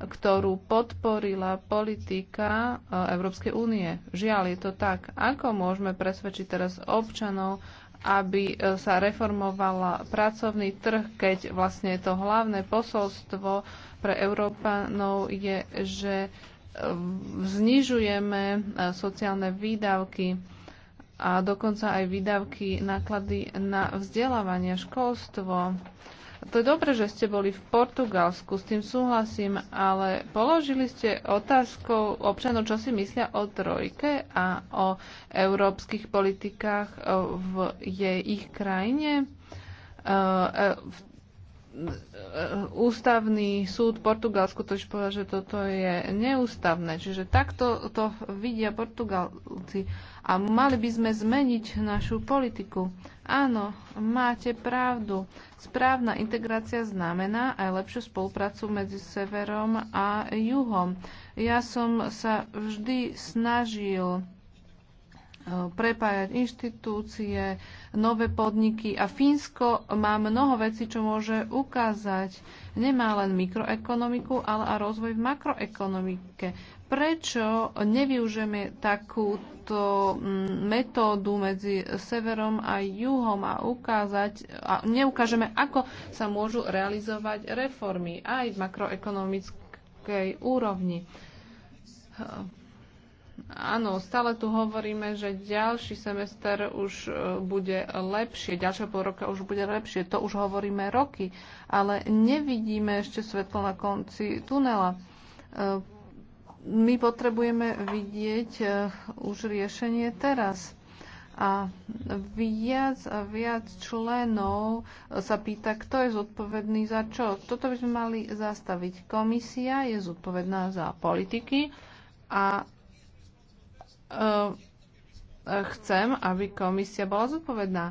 ktorú podporila politika eh, Európskej únie. Žiaľ, je to tak. Ako môžeme presvedčiť teraz občanov, aby eh, sa reformovala pracovný trh, keď vlastne to hlavné posolstvo pre Európanov je, že ehm, znižujeme eh, sociálne výdavky a dokonca aj výdavky, náklady na vzdelávanie, školstvo. To je dobre, že ste boli v Portugalsku, s tým súhlasím, ale položili ste otázkou občanov, čo si myslia o trojke a o európskych politikách v jej ich krajine. E, e, E, ústavný súd Portugalsku totiž povedal, že toto je neústavné. Čiže takto to vidia Portugalci. A mali by sme zmeniť našu politiku. Áno, máte pravdu. Správna integrácia znamená aj lepšiu spoluprácu medzi severom a juhom. Ja som sa vždy snažil prepájať inštitúcie, nové podniky a Fínsko má mnoho vecí, čo môže ukázať. Nemá len mikroekonomiku, ale a rozvoj v makroekonomike. Prečo nevyužijeme takúto mm, metódu medzi severom a juhom a, ukázať, a neukážeme, ako sa môžu realizovať reformy aj v makroekonomickej úrovni? Áno, stále tu hovoríme, že ďalší semester už e, bude lepšie, ďalšie pol roka už bude lepšie. To už hovoríme roky, ale nevidíme ešte svetlo na konci tunela. E, my potrebujeme vidieť e, už riešenie teraz. A viac a viac členov sa pýta, kto je zodpovedný za čo. Toto by sme mali zastaviť. Komisia je zodpovedná za politiky a E, chcem, aby komisia bola zodpovedná.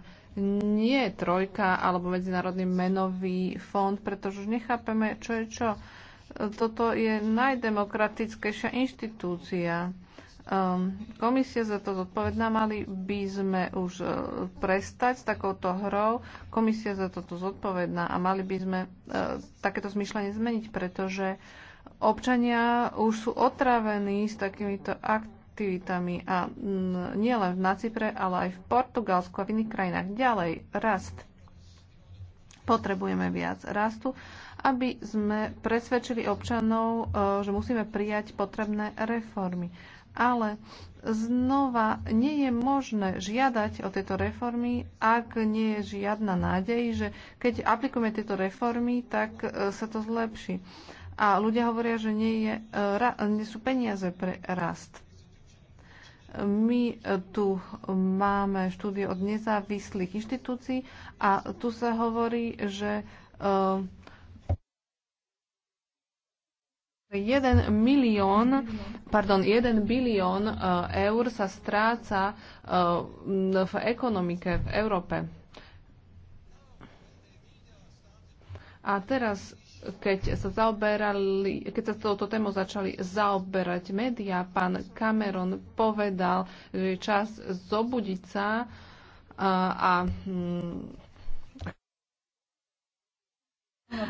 Nie trojka alebo Medzinárodný menový fond, pretože už nechápeme, čo je čo. Toto je najdemokratickejšia inštitúcia. Ehm, komisia za to zodpovedná. Mali by sme už e, prestať s takouto hrou. Komisia za toto zodpovedná a mali by sme e, takéto zmyšľanie zmeniť, pretože občania už sú otravení s takýmito akt aktivitami a mm, nielen na Cypre, ale aj v Portugalsku a v iných krajinách. Ďalej, rast. Potrebujeme viac rastu, aby sme presvedčili občanov, e, že musíme prijať potrebné reformy. Ale znova nie je možné žiadať o tieto reformy, ak nie je žiadna nádej, že keď aplikujeme tieto reformy, tak e, sa to zlepší. A ľudia hovoria, že nie, je, e, nie sú peniaze pre rast. My eh, tu máme štúdie od nezávislých inštitúcií a tu sa hovorí, že eh, jeden milión, pardon, jeden bilión eh, eur sa stráca v ekonomike v Európe. A teraz keď sa zaoberali, keď sa touto tému začali zaoberať médiá, pán Cameron povedal, že je čas zobudiť sa a, a, hm,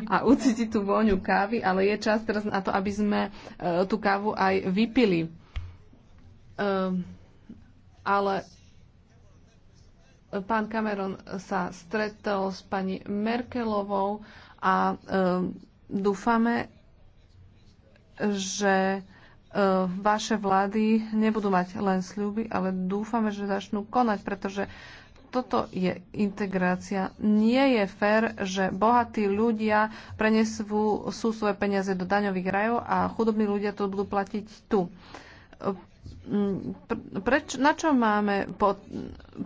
a ucítiť tú vôňu kávy, ale je čas teraz na to, aby sme e, tú kávu aj vypili. E, ale pán Cameron sa stretol s pani Merkelovou, a e, dúfame, že e, vaše vlády nebudú mať len sľuby, ale dúfame, že začnú konať, pretože toto je integrácia. Nie je fér, že bohatí ľudia prenesú sú svoje peniaze do daňových rajov a chudobní ľudia to budú platiť tu. Mm, preč, na čo máme, po,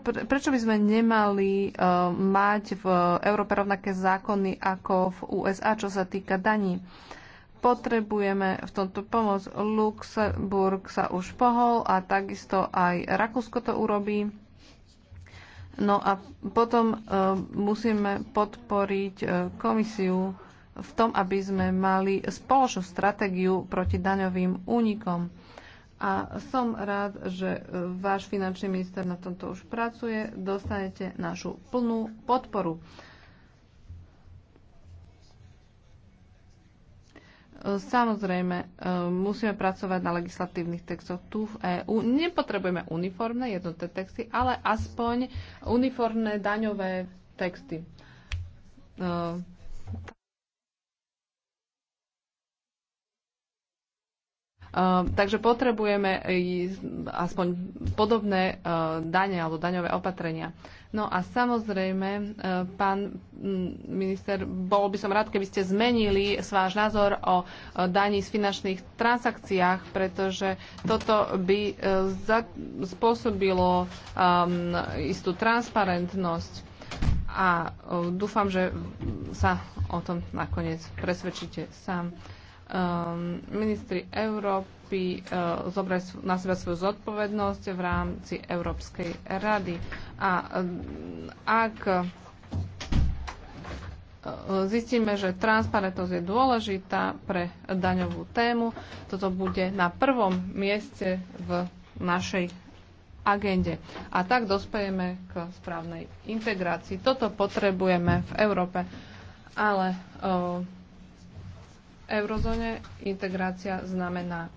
pre, prečo by sme nemali uh, mať v Európe rovnaké zákony ako v USA, čo sa týka daní? Potrebujeme v tomto pomoc. Luxemburg sa už pohol a takisto aj Rakúsko to urobí. No a potom uh, musíme podporiť uh, komisiu v tom, aby sme mali spoločnú stratégiu proti daňovým únikom a som rád, že e, váš finančný minister na tomto už pracuje. Dostanete našu plnú podporu. E, samozrejme, e, musíme pracovať na legislatívnych textoch tu v EÚ. Nepotrebujeme uniformné jednotné texty, ale aspoň uniformné daňové texty. Ehm, takže potrebujeme aspoň podobné ehm, dane alebo daňové opatrenia. No a samozrejme, ehm, pán minister, bol by som rád, keby ste zmenili váš názor o e, daní z finančných transakciách, pretože toto by e, spôsobilo istú transparentnosť a e, dúfam, že sa o tom nakoniec presvedčíte sám um, ministri Európy uh, eh, zobrať na seba svoju zodpovednosť v rámci Európskej rady. A um, ak eh, zistíme, že transparentnosť je dôležitá pre daňovú tému, toto bude na prvom mieste v našej agende. A tak dospejeme k správnej integrácii. Toto potrebujeme v Európe. Ale uh, eurozóne integrácia znamená e,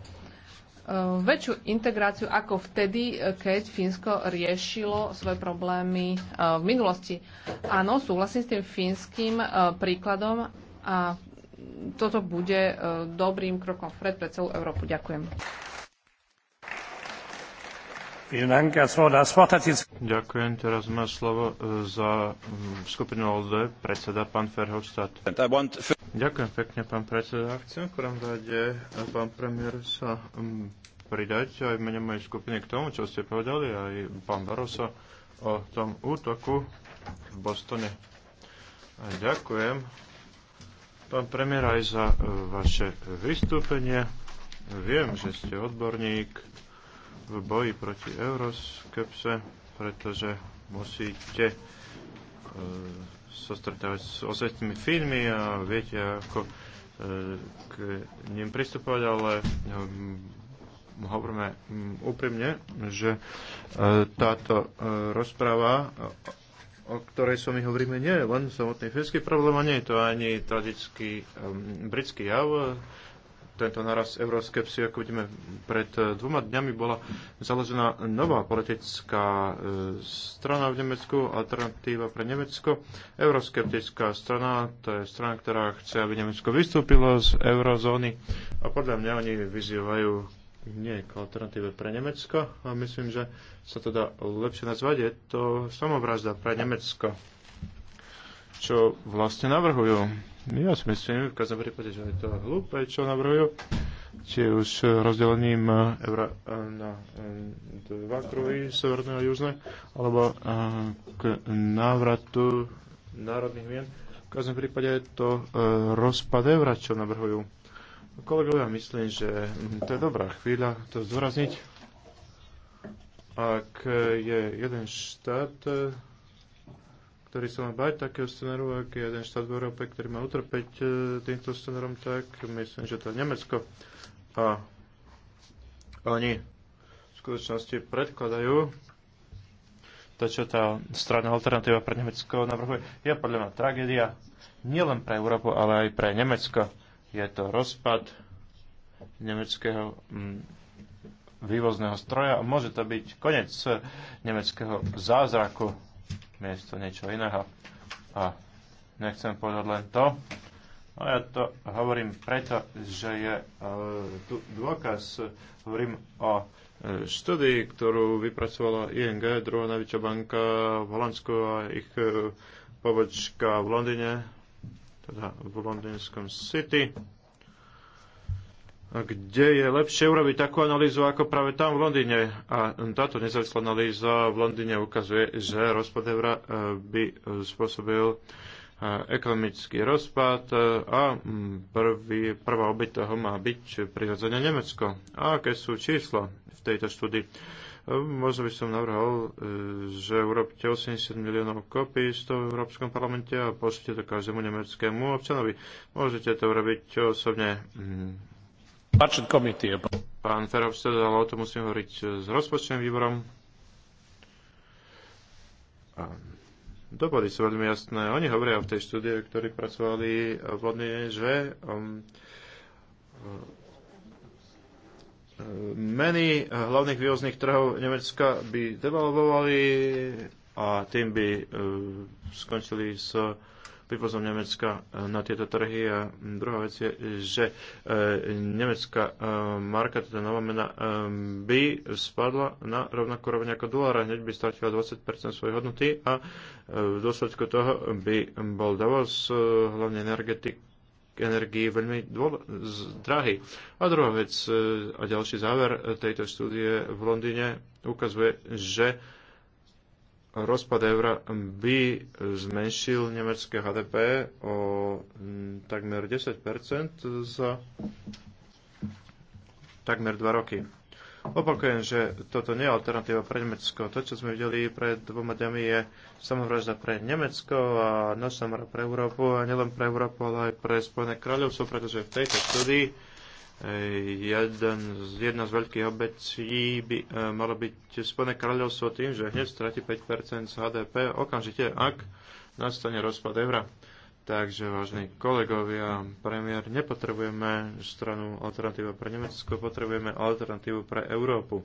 väčšiu integráciu ako vtedy, e, keď Fínsko riešilo svoje problémy e, v minulosti. Áno, súhlasím s tým fínskym príkladom a toto bude dobrým krokom vpred pre celú Európu. Ďakujem. Ďakujem, teraz má slovo e, za skupinu LD predseda pán Ferhofstadt. Ďakujem pekne, pán predseda. Chcem v prvom rade, e, pán premiér, sa pridať aj mene mojej skupiny k tomu, čo ste povedali, aj pán Barosa o tom útoku v Bostone. A ďakujem, pán premiér, aj za e, vaše vystúpenie. Viem, že ste odborník v boji proti euroskepse, pretože musíte e, sa stretávať s ostatnými filmy a viete, ako e, k ním pristupovať, ale e, hovoríme úprimne, že táto rozpráva, o ktorej som mi hovoríme, nie je len samotný fínsky problém, a nie je to ani tradický britský jav, tento naraz euroskepsie, ako vidíme, pred eh, dvoma dňami bola založená nová politická eh, strana v Nemecku, alternatíva pre Nemecko, euroskeptická strana, to je strana, ktorá chce, aby Nemecko vystúpilo z eurozóny a podľa mňa oni vyzývajú nie k alternatíve pre Nemecko a myslím, že sa to dá lepšie nazvať. Je to samovražda pre Nemecko, čo vlastne navrhujú ja si myslím, v každom prípade, že je to hlúpe, čo navrhujú či už rozdelením eura eh, na eh, dva kruhy, severné a južné, alebo eh, k návratu národných mien. V každom prípade je to rozpad eura, čo navrhujú. Kolegovia, myslím, že to je dobrá chvíľa to zdôrazniť. Ak je jeden štát, ktorý sa má bať takého scenáru, ak je jeden štát v Európe, ktorý má utrpeť e, týmto scenárom, tak myslím, že to je Nemecko. A oni v skutočnosti predkladajú to, čo tá strana alternatíva pre Nemecko navrhuje, je podľa mňa tragédia nielen pre Európu, ale aj pre Nemecko. Je to rozpad nemeckého mm, vývozného stroja a môže to byť konec nemeckého zázraku miesto niečo iného. A nechcem povedať len to, ale no ja to hovorím preto, že je e, tu dôkaz, hovorím o e, štúdii, ktorú vypracovala ING, druhá najväčšia banka v Holandsku a ich e, pobočka v Londýne, teda v londýnskom City kde je lepšie urobiť takú analýzu ako práve tam v Londýne. A táto nezávislá analýza v Londýne ukazuje, že rozpad eura e, by e, spôsobil e, ekonomický rozpad a prvý, prvá obyť toho má byť prirodzene Nemecko. A aké sú čísla v tejto štúdii? Možno by som navrhol, že urobte 80 miliónov kopií z toho v Európskom parlamente a pošlite to každému nemeckému občanovi. Môžete to urobiť osobne mm. Pán Ferovštad, ale o tom musím hovoriť e, s rozpočtovým výborom. A dopady sú veľmi jasné. Oni hovoria v tej štúdii, ktorí pracovali e, v Londýne, že um, e, meny hlavných vývozných trhov Nemecka by devalvovali a tým by uh, skončili s uh, privozom Nemecka e, na tieto trhy. A druhá vec je, že e, nemecká e, marka, teda nová mena, by spadla na rovnakú roveň ako dolar a hneď by stratila 20% svojej hodnoty a v dôsledku toho by bol Davos, hlavne energetik, energii veľmi dôle, drahý. A druhá vec a ďalší záver tejto štúdie v Londýne ukazuje, že rozpad eura by zmenšil nemecké HDP o mm, takmer 10% za takmer 2 roky. Opakujem, že toto nie je alternatíva pre Nemecko. To, čo sme videli pred dvoma dňami, je samovražda pre Nemecko a naša pre Európu a nielen pre Európu, ale aj pre Spojené kráľovstvo, pretože v tejto štúdii jeden, jedna z veľkých obecí by e, malo byť Spodné kráľovstvo tým, že hneď stratí 5% z HDP okamžite, ak nastane rozpad eura. Takže, vážni kolegovia, premiér, nepotrebujeme stranu alternatívu pre Nemecko, potrebujeme alternatívu pre Európu.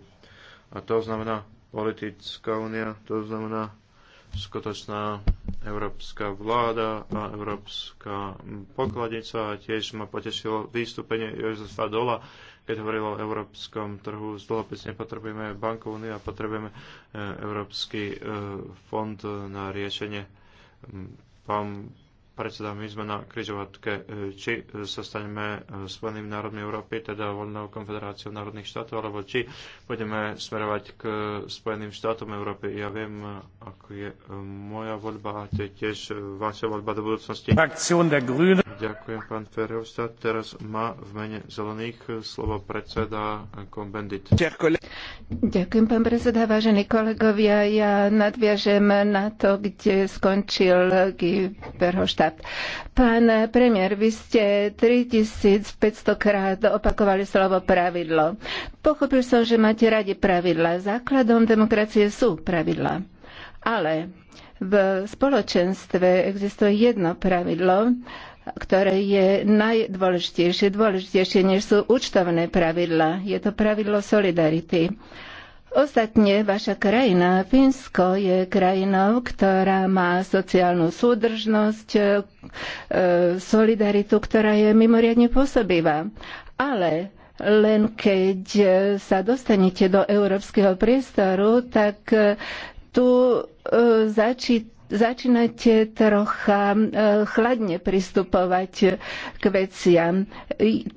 A to znamená politická únia, to znamená skutočná európska vláda a európska pokladnica. A tiež ma potešilo vystúpenie Jozefa Dola, keď hovoril o európskom trhu Z dlhopisne potrebujeme bankovný a potrebujeme e, Európsky e, fond na riešenie. Pán predseda, my sme na križovatke, e, či e, sa staneme e, Spojenými národmi Európy, teda voľnou konfederáciou národných štátov, alebo či budeme smerovať k Spojeným štátom Európy. Ja viem, ako je moja voľba a to je tiež vaša voľba do budúcnosti. Ďakujem, pán Ferrovstad. Teraz má v mene zelených slovo predseda Kombendit. Ďakujem, pán predseda, vážení kolegovia. Ja nadviažem na to, kde skončil Giverhoštát štát. Pán premiér, vy ste 3500 krát opakovali slovo pravidlo. Pochopil som, že máte radi pravidla. Základom demokracie sú pravidla. Ale v spoločenstve existuje jedno pravidlo, ktoré je najdôležitejšie, dôležitejšie než sú účtovné pravidla. Je to pravidlo solidarity. Ostatne vaša krajina, Fínsko, je krajinou, ktorá má sociálnu súdržnosť, e, solidaritu, ktorá je mimoriadne pôsobivá. Ale len keď sa dostanete do európskeho priestoru, tak e, tu e, začíta začínate trocha chladne pristupovať k veciam.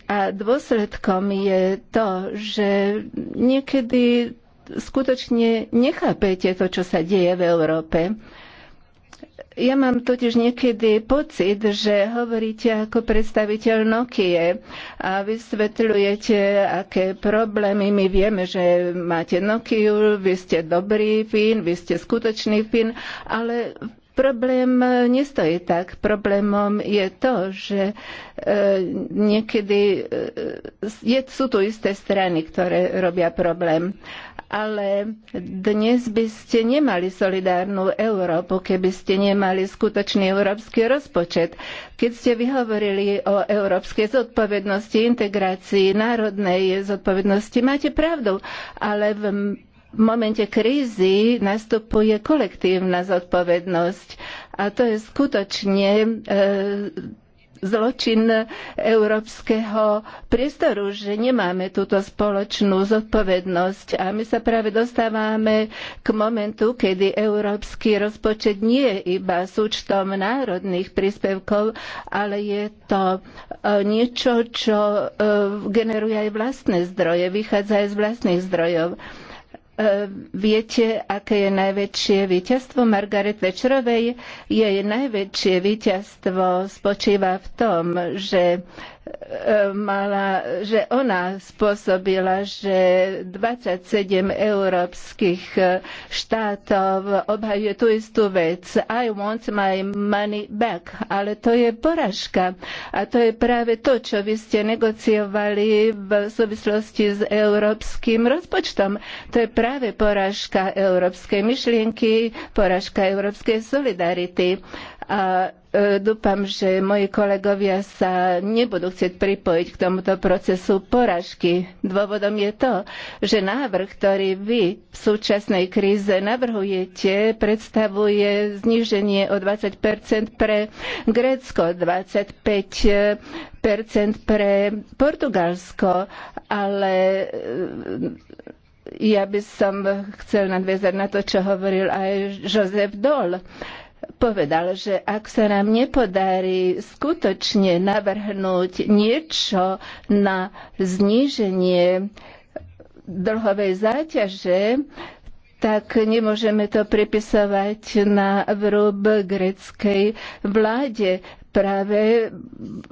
A dôsledkom je to, že niekedy skutočne nechápete to, čo sa deje v Európe. Ja mám totiž niekedy pocit, že hovoríte ako predstaviteľ Nokie a vysvetľujete, aké problémy. My vieme, že máte Nokiu, vy ste dobrý fin, vy ste skutočný fin, ale problém nestojí tak. Problémom je to, že e, niekedy e, sú tu isté strany, ktoré robia problém ale dnes by ste nemali solidárnu Európu, keby ste nemali skutočný európsky rozpočet. Keď ste vyhovorili o európskej zodpovednosti, integrácii, národnej zodpovednosti, máte pravdu, ale v v momente krízy nastupuje kolektívna zodpovednosť a to je skutočne e, zločin európskeho priestoru, že nemáme túto spoločnú zodpovednosť. A my sa práve dostávame k momentu, kedy európsky rozpočet nie je iba súčtom národných príspevkov, ale je to e, niečo, čo e, generuje aj vlastné zdroje, vychádza aj z vlastných zdrojov. E, viete, aké je najväčšie víťazstvo Margaret Thatcherovej? Jej najväčšie víťazstvo spočíva v tom, že E, mala, že ona spôsobila, že 27 európskych e, štátov obhajuje tú istú vec. I want my money back. Ale to je poražka. A to je práve to, čo vy ste negociovali v súvislosti s európskym rozpočtom. To je práve poražka európskej myšlienky, poražka európskej solidarity a e, dúfam, že moji kolegovia sa nebudú chcieť pripojiť k tomuto procesu poražky. Dôvodom je to, že návrh, ktorý vy v súčasnej kríze navrhujete, predstavuje zníženie o 20 pre Grécko, 25 pre Portugalsko, ale e, ja by som chcel nadviezať na to, čo hovoril aj Jozef Dol povedal, že ak sa nám nepodarí skutočne navrhnúť niečo na zníženie dlhovej záťaže, tak nemôžeme to pripisovať na vrúb greckej vláde. Práve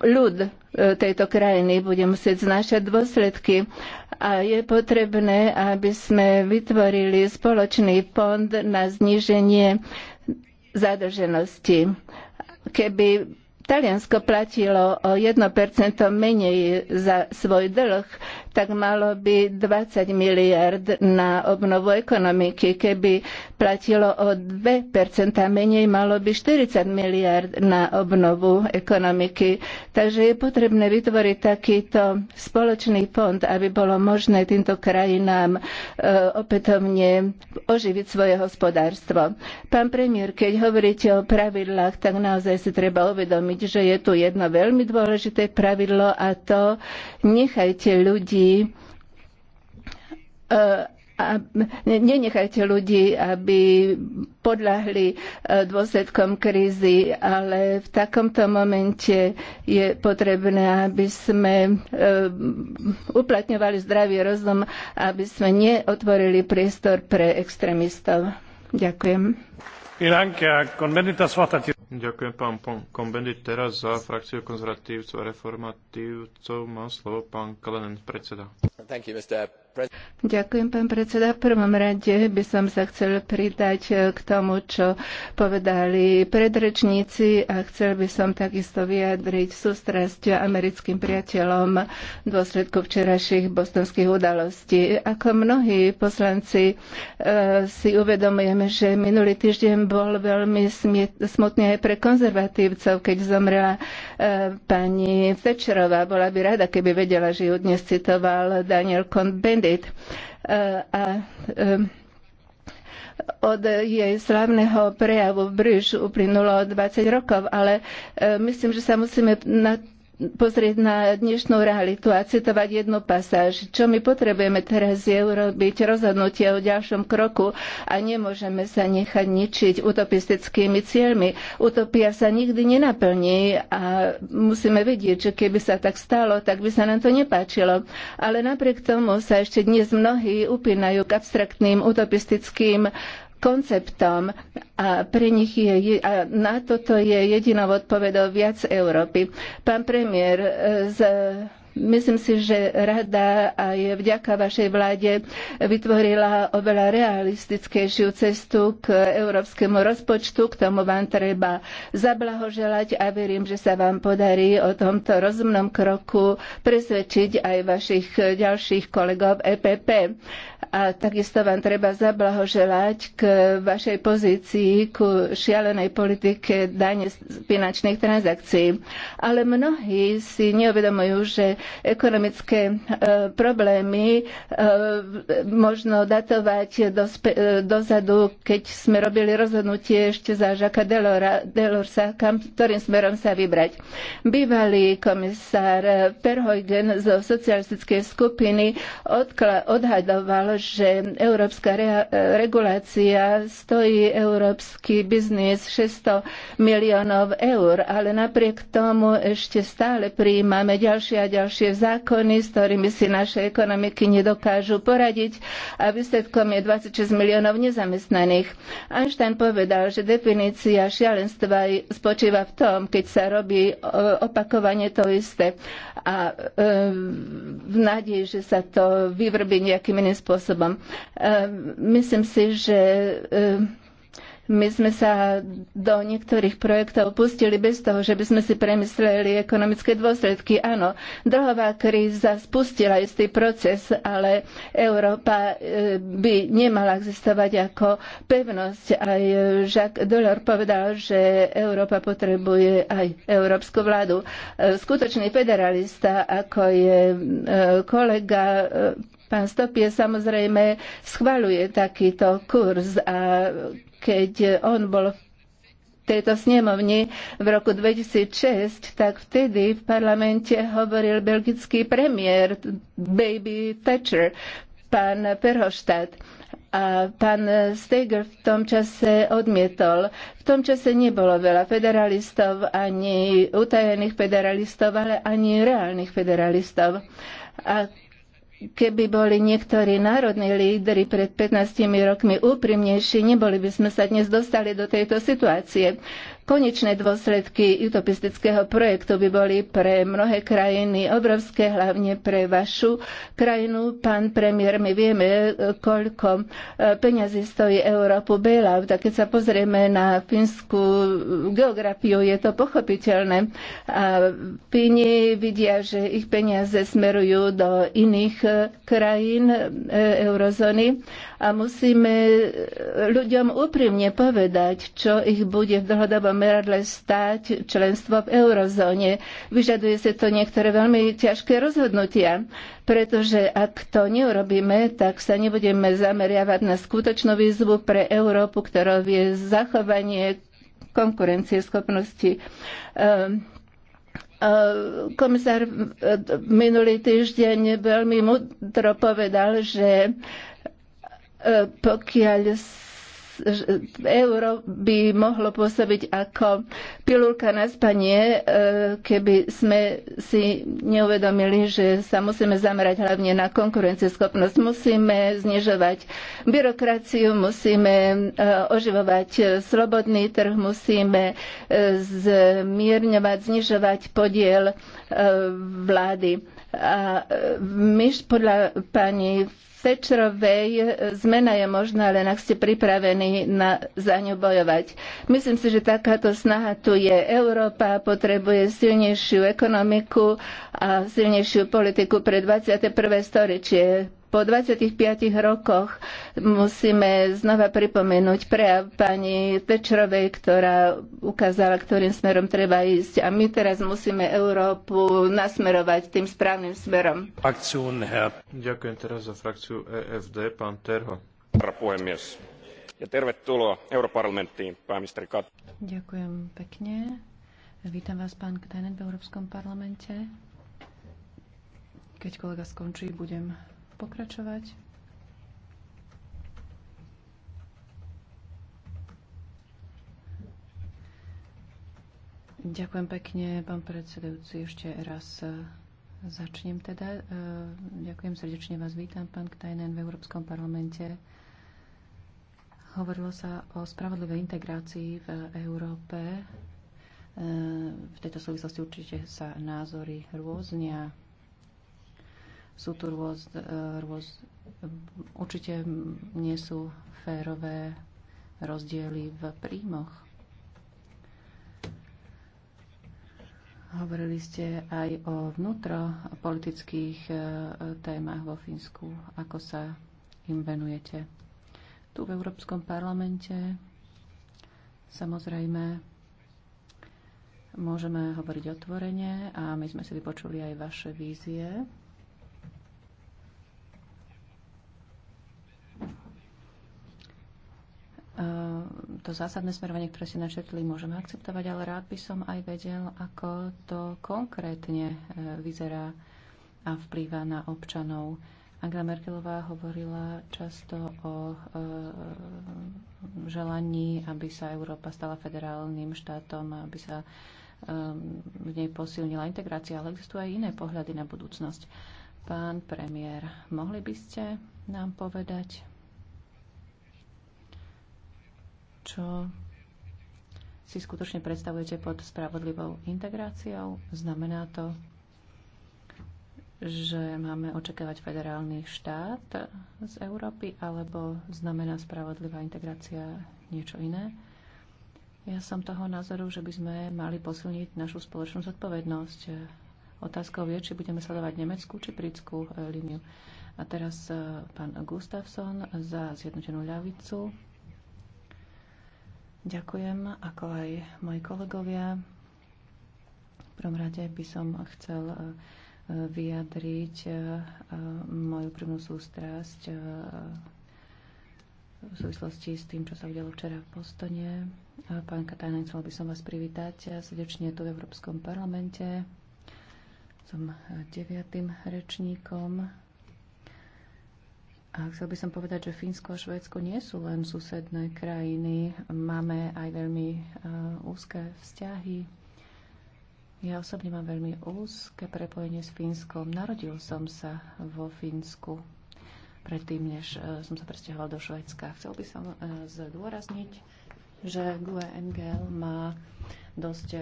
ľud e, tejto krajiny bude musieť znášať dôsledky a je potrebné, aby sme vytvorili spoločný fond na zníženie zadrženosti. Keby Taliansko platilo o 1% menej za svoj dlh, tak malo by 20 miliard na obnovu ekonomiky. Keby platilo o 2% menej, malo by 40 miliard na obnovu ekonomiky. Takže je potrebné vytvoriť takýto spoločný fond, aby bolo možné týmto krajinám e, opätovne oživiť svoje hospodárstvo. Pán premiér, keď hovoríte o pravidlách, tak naozaj si treba uvedomiť, že je tu jedno veľmi dôležité pravidlo a to nechajte ľudí E, a nenechajte ľudí, aby podľahli e, dôsledkom krízy, ale v takomto momente je potrebné, aby sme e, uplatňovali zdravý rozum, aby sme neotvorili priestor pre extrémistov. Ďakujem. Ďakujem pán Konbendit. Teraz za frakciu konzervatívcov a reformatívcov má slovo pán Kalenen, predseda. You, Ďakujem, pán predseda. V prvom rade by som sa chcel pridať eh, k tomu, čo povedali predrečníci a chcel by som takisto vyjadriť sústrasť americkým priateľom v dôsledku včerajších bostonských udalostí. Ako mnohí poslanci eh, si uvedomujeme, že minulý týždeň bol veľmi smutný aj pre konzervatívcov, keď zomrela eh, pani Tečerová. Bola by rada, keby vedela, že ju dnes citoval Daniel Cohn-Bendit audit. E, a e, od jej slavného prejavu v Brž uplynulo 20 rokov, ale e, myslím, že sa musíme na pozrieť na dnešnú realitu a citovať jednu pasáž. Čo my potrebujeme teraz je urobiť rozhodnutie o ďalšom kroku a nemôžeme sa nechať ničiť utopistickými cieľmi. Utopia sa nikdy nenaplní a musíme vedieť, že keby sa tak stalo, tak by sa nám to nepáčilo. Ale napriek tomu sa ešte dnes mnohí upínajú k abstraktným utopistickým konceptom a pre nich je, a na toto je jedinou odpovedou viac Európy. Pán premiér, e, z myslím si, že rada a je vďaka vašej vláde vytvorila oveľa realistickejšiu cestu k európskemu rozpočtu. K tomu vám treba zablahoželať a verím, že sa vám podarí o tomto rozumnom kroku presvedčiť aj vašich ďalších kolegov EPP a takisto vám treba zablahoželať k vašej pozícii, ku šialenej politike dane z finančných transakcií. Ale mnohí si neuvedomujú, že ekonomické e, problémy e, možno datovať dospe, e, dozadu, keď sme robili rozhodnutie ešte za Žaka Delora, Delorsa, kam, ktorým smerom sa vybrať. Bývalý komisár Perhojgen zo socialistickej skupiny odkla, odhadoval, povedal, že európska re- regulácia stojí európsky biznis 600 miliónov eur, ale napriek tomu ešte stále prijímame ďalšie a ďalšie zákony, s ktorými si naše ekonomiky nedokážu poradiť a výsledkom je 26 miliónov nezamestnaných. Einstein povedal, že definícia šialenstva spočíva v tom, keď sa robí e, opakovane to isté a e, v nádeji, že sa to vyvrbí nejakým iným spôsobom spôsobom. E, myslím si, že e, my sme sa do niektorých projektov pustili bez toho, že by sme si premysleli ekonomické dôsledky. Áno, drohová kríza spustila istý proces, ale Európa e, by nemala existovať ako pevnosť. Aj Jacques Delors povedal, že Európa potrebuje aj európsku vládu. Skutočný federalista, ako je kolega, Pán Stopie samozrejme schvaluje takýto kurz a keď on bol v tejto snemovni v roku 2006, tak vtedy v parlamente hovoril belgický premiér Baby Thatcher, pán Perhoštát. A pán Steger v tom čase odmietol. V tom čase nebolo veľa federalistov, ani utajených federalistov, ale ani reálnych federalistov. A keby boli niektorí národní lídry pred 15 rokmi úprimnejší, neboli by sme sa dnes dostali do tejto situácie. Konečné dôsledky utopistického projektu by boli pre mnohé krajiny obrovské, hlavne pre vašu krajinu. Pán premiér, my vieme, koľko e, peňazí stojí Európu bailout. Tak keď sa pozrieme na fínsku geografiu, je to pochopiteľné. A Fíni vidia, že ich peniaze smerujú do iných e, krajín e, eurozóny a musíme ľuďom úprimne povedať, čo ich bude v dlhodobom meradle stáť členstvo v eurozóne. Vyžaduje si to niektoré veľmi ťažké rozhodnutia, pretože ak to neurobíme, tak sa nebudeme zameriavať na skutočnú výzvu pre Európu, ktorou je zachovanie konkurencieschopnosti. schopnosti. Ehm, ehm, komisár e, minulý týždeň veľmi mudro povedal, že e, pokiaľ euro by mohlo pôsobiť ako pilulka na spanie, e, keby sme si neuvedomili, že sa musíme zamerať hlavne na konkurencieschopnosť. Musíme znižovať byrokraciu, musíme e, oživovať slobodný trh, musíme e, zmierňovať, znižovať podiel vlády. A my podľa pani Tečrovej e, zmena je možná, len ak ste pripravení na, za ňu bojovať. Myslím si, že takáto snaha tu je. Európa potrebuje silnejšiu ekonomiku a silnejšiu politiku pre 21. storočie po 25 rokoch musíme znova pripomenúť pre pani Tečrovej, ktorá ukázala, ktorým smerom treba ísť. A my teraz musíme Európu nasmerovať tým správnym smerom. Ďakujem teraz za frakciu EFD, pán Terho. Puhemies. Ja tervetuloa europarlamenttiin, pääministeri Kat. Ďakujem pekne. Vítam vás, pán Ktenet, v Európskom parlamente. Keď kolega skončí, budem pokračovať. Ďakujem pekne, pán predsedajúci. Ešte raz e, začnem teda. E, ďakujem srdečne vás vítam, pán Ktajnen, v Európskom parlamente. Hovorilo sa o spravodlivej integrácii v Európe. E, v tejto súvislosti určite sa názory rôznia. Sú tu rôz, e, rôz, určite nie sú férové rozdiely v príjmoch. Hovorili ste aj o vnútropolitických e, témach vo Fínsku. Ako sa im venujete? Tu v Európskom parlamente samozrejme môžeme hovoriť otvorene a my sme si vypočuli aj vaše vízie Ehm, to zásadné smerovanie, ktoré si načetli, môžeme akceptovať, ale rád by som aj vedel, ako to konkrétne e, vyzerá a vplýva na občanov. Angela Merkelová hovorila často o e, želaní, aby sa Európa stala federálnym štátom, aby sa e, v nej posilnila integrácia, ale existujú aj iné pohľady na budúcnosť. Pán premiér, mohli by ste nám povedať, čo si skutočne predstavujete pod spravodlivou integráciou. Znamená to, že máme očakávať federálny štát z Európy, alebo znamená spravodlivá integrácia niečo iné? Ja som toho názoru, že by sme mali posilniť našu spoločnú zodpovednosť. Otázkou je, či budeme sledovať nemeckú či britskú eh, líniu. A teraz eh, pán Gustafsson za zjednotenú ľavicu. Ďakujem, ako aj moji kolegovia. V prvom rade by som chcel e, vyjadriť e, moju prvnú sústrasť e, v súvislosti s tým, čo sa udialo včera v Postone. Pán Katajnen, chcel by som vás privítať srdečne tu v Európskom parlamente. Som deviatým rečníkom a chcel by som povedať, že Fínsko a Švédsko nie sú len susedné krajiny. Máme aj veľmi uh, úzke vzťahy. Ja osobne mám veľmi úzke prepojenie s Fínskom. Narodil som sa vo Fínsku predtým, než uh, som sa presťahoval do Švédska. Chcel by som uh, zdôrazniť, že GUE má dosť e,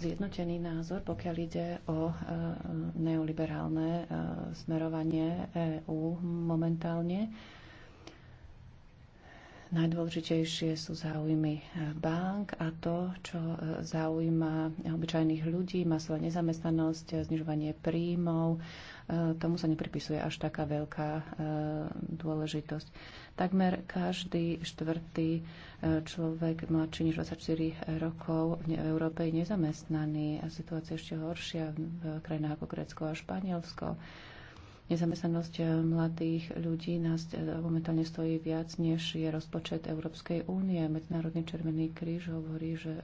zjednotený názor, pokiaľ ide o e, neoliberálne e, smerovanie EÚ momentálne. Najdôležitejšie sú záujmy bank a to, čo zaujíma obyčajných ľudí, masová nezamestnanosť, znižovanie príjmov, tomu sa nepripisuje až taká veľká e, dôležitosť. Takmer každý štvrtý e, človek mladší než 24 rokov v Európe je nezamestnaný a situácia ešte horšia v krajinách ako Grécko a Španielsko. Nezamestnanosť e, mladých ľudí nás momentálne stojí viac, než je rozpočet Európskej únie. Medzinárodný Červený kríž hovorí, že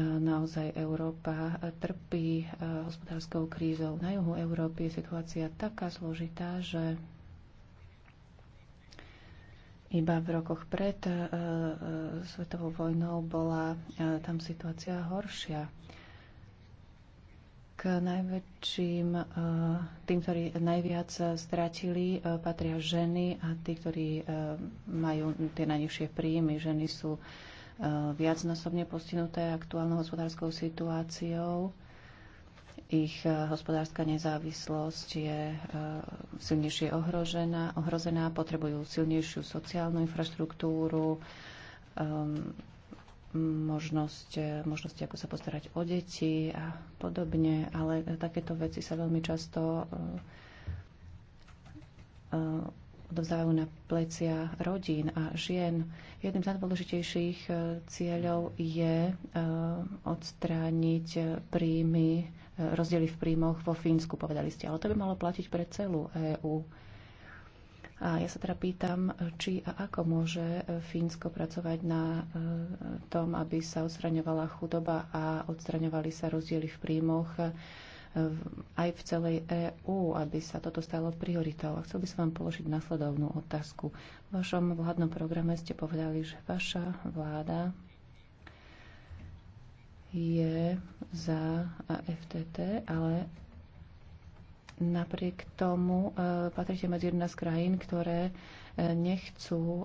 naozaj Európa trpí eh, hospodárskou krízou. Na juhu Európy je situácia taká zložitá, že iba v rokoch pred eh, eh, svetovou vojnou bola tam situácia horšia. K najväčším, tým, ktorí najviac stratili, patria ženy a tí, ktorí majú tie najnižšie príjmy. Ženy sú Eh, viacnásobne postihnuté aktuálnou hospodárskou situáciou. Ich eh, hospodárska nezávislosť je eh, silnejšie ohrožená, ohrozená, potrebujú silnejšiu sociálnu infraštruktúru, ehm, možnosť, možnosti, ako sa postarať o deti a podobne, ale takéto veci sa veľmi často odovzdávajú na plecia rodín a žien. Jedným z najdôležitejších e, cieľov je e, odstrániť príjmy, e, rozdiely v príjmoch vo Fínsku, povedali ste. Ale to by malo platiť pre celú EÚ. A ja sa teda pýtam, či a ako môže Fínsko pracovať na tom, aby sa odstraňovala chudoba a odstraňovali sa rozdiely v príjmoch aj v celej EÚ, aby sa toto stalo prioritou. A chcel by som vám položiť nasledovnú otázku. V vašom vládnom programe ste povedali, že vaša vláda je za FTT, ale napriek tomu e, patrite medzi jedna z krajín, ktoré e, nechcú e,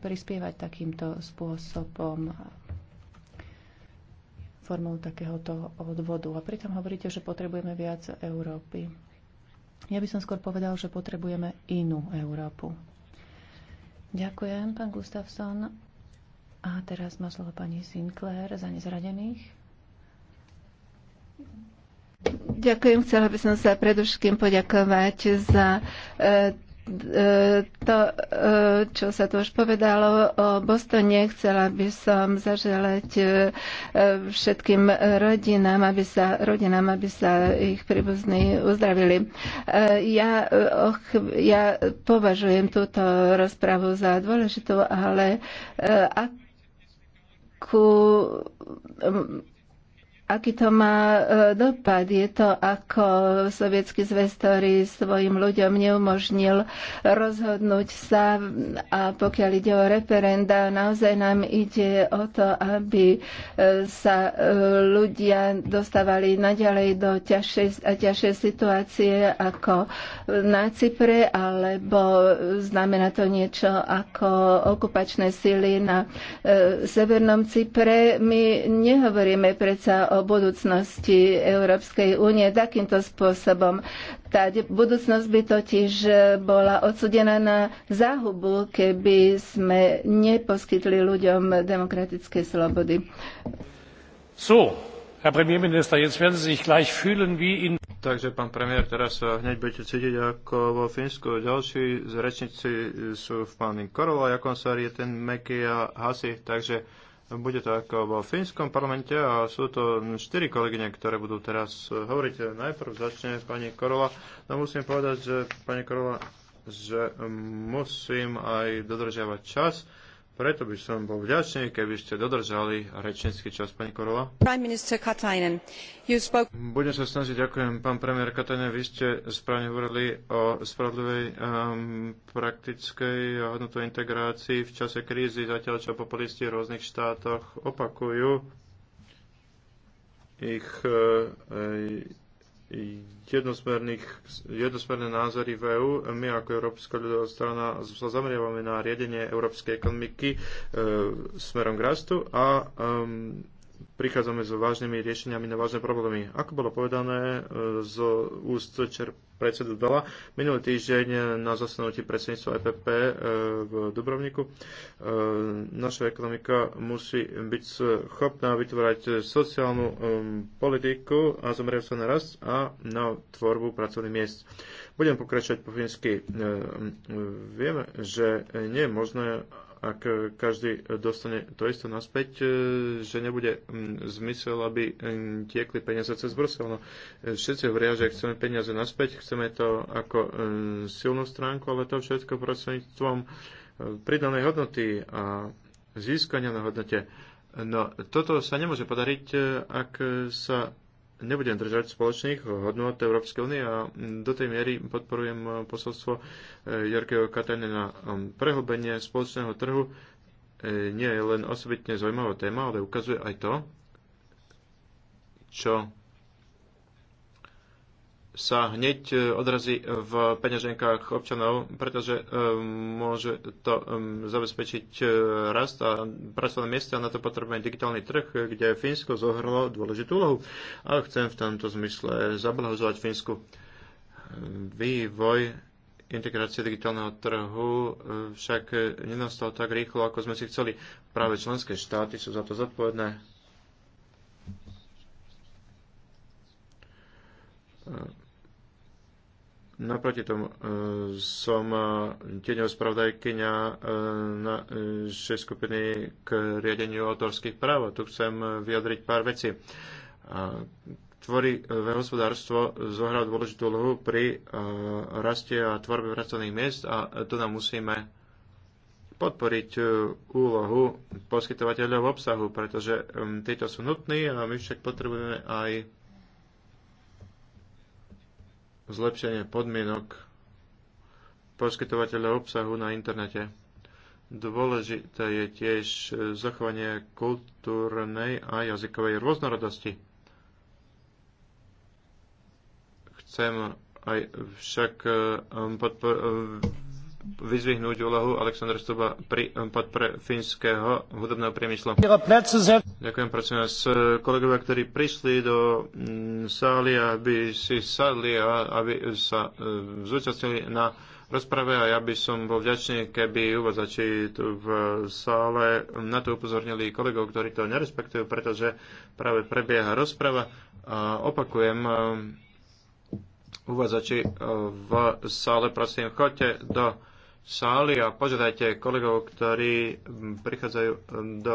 prispievať takýmto spôsobom formou takéhoto odvodu. A pritom hovoríte, že potrebujeme viac Európy. Ja by som skôr povedal, že potrebujeme inú Európu. Ďakujem, pán Gustafsson. A teraz má slovo pani Sinclair za nezradených. Ďakujem, chcela by som sa predovšetkým poďakovať za e, E, to, e, čo sa tu už povedalo o Bostone, chcela by som zaželať e, všetkým rodinám, aby sa, rodinám, aby sa ich príbuzní uzdravili. Ja, och, ja považujem túto rozpravu za dôležitú, ale ak aký to má e, dopad. Je to ako sovietský zväz, ktorý svojim ľuďom neumožnil rozhodnúť sa a pokiaľ ide o referenda, naozaj nám ide o to, aby e, sa e, ľudia dostávali naďalej do ťažšej a ťažšej situácie ako na Cypre, alebo znamená to niečo ako okupačné sily na Severnom Cypre. My nehovoríme predsa o budúcnosti Európskej únie takýmto spôsobom. Tá budúcnosť by totiž eh, bola odsudená na záhubu, keby sme neposkytli ľuďom demokratické slobody. So, Herr Premierminister, jetzt werden Sie sich gleich fühlen wie in Takže, pán premiér, teraz sa hneď budete cítiť ako vo Fínsku. Ďalší z rečníci sú v páni Korola, Jakonsari, ten Meky a Hasi. Takže bude to ako vo fínskom parlamente a sú to štyri kolegyne, ktoré budú teraz hovoriť. Najprv začne pani Korola. No musím povedať, že pani Korola, že musím aj dodržiavať čas. Preto by som bol vďačný, keby ste dodržali rečnícky čas, pani Korola. Spoke... Budem sa snažiť, ďakujem, pán premiér Katajnen, vy ste správne hovorili o spravodlivej um, praktickej hodnotovej integrácii v čase krízy, zatiaľ čo populisti v rôznych štátoch opakujú ich uh, jednosmerné názory v EÚ. My ako Európska ľudová strana sa zameriavame na riadenie európskej ekonomiky e, smerom k rastu a e, prichádzame s vážnymi riešeniami na vážne problémy. Ako bolo povedané e, z úst čer predsedu Dala, minulý týždeň na zasadnutí predsedníctva EPP e, v Dubrovniku e, naša ekonomika musí byť schopná vytvárať sociálnu politiku a zamerať sa na rast a na tvorbu pracovných miest. Budem pokračovať po fínsky. Vieme, že nie je možné, ak e, každý e, dostane to isté naspäť, e, že nebude zmysel, aby tiekli peniaze cez Brusel. No, všetci hovoria, že chceme peniaze naspäť, chceme to ako silnú stránku, ale to všetko prostredníctvom pridanej hodnoty a získania na hodnote. No, toto sa nemôže podariť, ak sa nebudem držať spoločných hodnot Európskej únie a do tej miery podporujem posolstvo eh, Jorgeho na um, Prehlbenie spoločného trhu eh, nie je len osobitne zaujímavá téma, ale ukazuje aj to, čo sa hneď e, odrazí v peňaženkách občanov, pretože e, môže to e, zabezpečiť rast a pracovné miesta. Na to potrebujeme digitálny trh, kde Fínsko zohralo dôležitú úlohu. A chcem v tomto zmysle zablahozovať Fínsku. Vývoj integrácie digitálneho trhu však nenastal tak rýchlo, ako sme si chceli. Práve členské štáty sú za to zodpovedné. Naproti tomu e, som e, tieňov spravodajkyňa e, na šej skupiny k riadeniu autorských práv. Tu chcem vyjadriť pár vecí. Tvorivé hospodárstvo zohrať dôležitú úlohu pri raste a tvorbe pracovných miest a tu nám musíme podporiť úlohu poskytovateľov obsahu, pretože títo sú nutní a my však potrebujeme aj zlepšenie podmienok poskytovateľa obsahu na internete. Dôležité je tiež e, zachovanie kultúrnej a jazykovej rôznorodosti. Chcem aj však e, e, vyzvihnúť úlohu Aleksandra Stuba pri um, podpore fínskeho hudobného priemyslu. Ďakujem, prosím vás. Eh, kolegovia, ktorí prišli do mm, sály, aby si sadli a aby sa eh, zúčastnili na rozprave a ja by som bol vďačný, keby uvazači tu v sále na to upozornili kolegov, ktorí to nerespektujú, pretože práve prebieha rozprava. A opakujem, eh, uvazači v sále, prosím, choďte do sály a požiadajte kolegov, ktorí prichádzajú do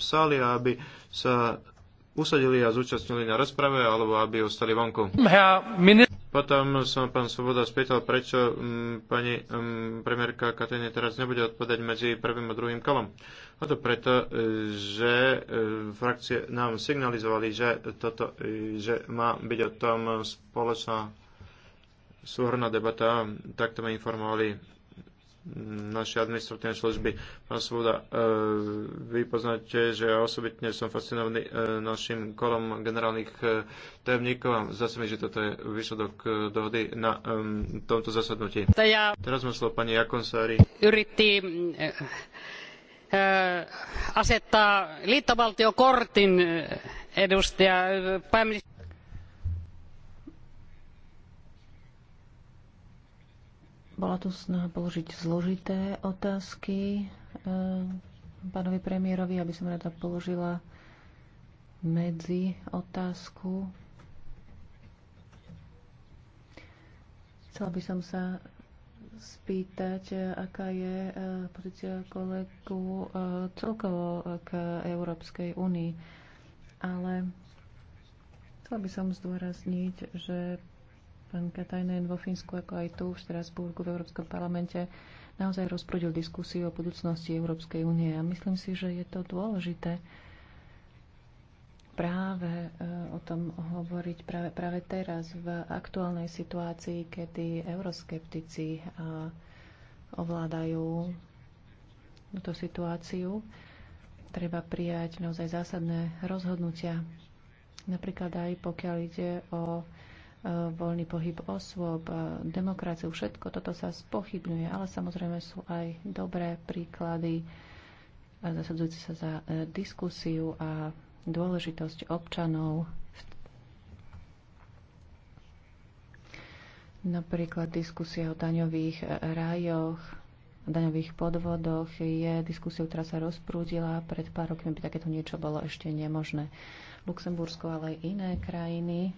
sály, aby sa usadili a zúčastnili na rozprave alebo aby ostali vonku. Potom som pán Svoboda spýtal, prečo m, pani m, premiérka Katene teraz nebude odpovedať medzi prvým a druhým kolom. A to preto, že e, frakcie nám signalizovali, že, toto, e, že má byť o tom spoločná súhrná debata. Takto ma informovali našej administratívnej služby. Pán Svoboda, e, vy poznáte, že ja osobitne som fascinovaný e, našim kolom generálnych e, tajomníkov. Zase mi, že toto je výsledok dohody na tomto zasadnutí. To ja... Teraz mám slovo pani Jakonsári. Yritti asettaa liittovaltiokortin edustaja pääministeri Bola tu snaha položiť zložité otázky eh, pánovi premiérovi, aby som rada položila medzi otázku. Chcela by som sa spýtať, aká je eh, pozícia kolegu eh, celkovo k Európskej únii. Ale chcela by som zdôrazniť, že pán Katajnen vo Fínsku, ako aj tu v Strasburgu v Európskom parlamente naozaj rozprudil diskusiu o budúcnosti Európskej únie. A myslím si, že je to dôležité práve e, o tom hovoriť práve, práve teraz v aktuálnej situácii, kedy euroskeptici e, ovládajú túto situáciu. Treba prijať naozaj zásadné rozhodnutia. Napríklad aj pokiaľ ide o Eh, voľný pohyb osôb, eh, demokraciu, všetko toto sa spochybňuje, ale samozrejme sú aj dobré príklady eh, zasadzujúce sa za diskusiu a dôležitosť občanov. Napríklad diskusia o daňových rájoch, daňových podvodoch je diskusiou, ktorá sa rozprúdila. Pred pár rokmi by takéto niečo bolo ešte nemožné. Luxembursko, ale aj iné krajiny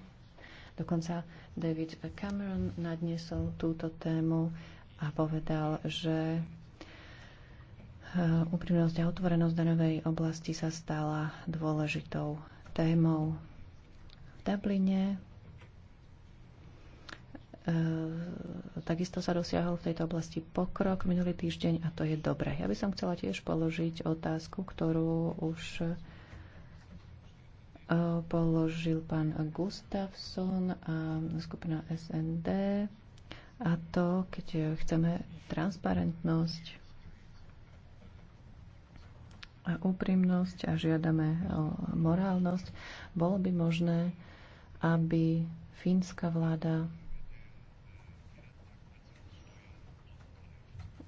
Dokonca David Cameron nadniesol túto tému a povedal, že eh, úprimnosť a otvorenosť danovej oblasti sa stala dôležitou témou. V Dubline eh, takisto sa dosiahol v tejto oblasti pokrok minulý týždeň a to je dobré. Ja by som chcela tiež položiť otázku, ktorú už položil pán Gustafsson a skupina SND. A to, keď chceme transparentnosť a úprimnosť a žiadame o morálnosť, bolo by možné, aby fínska vláda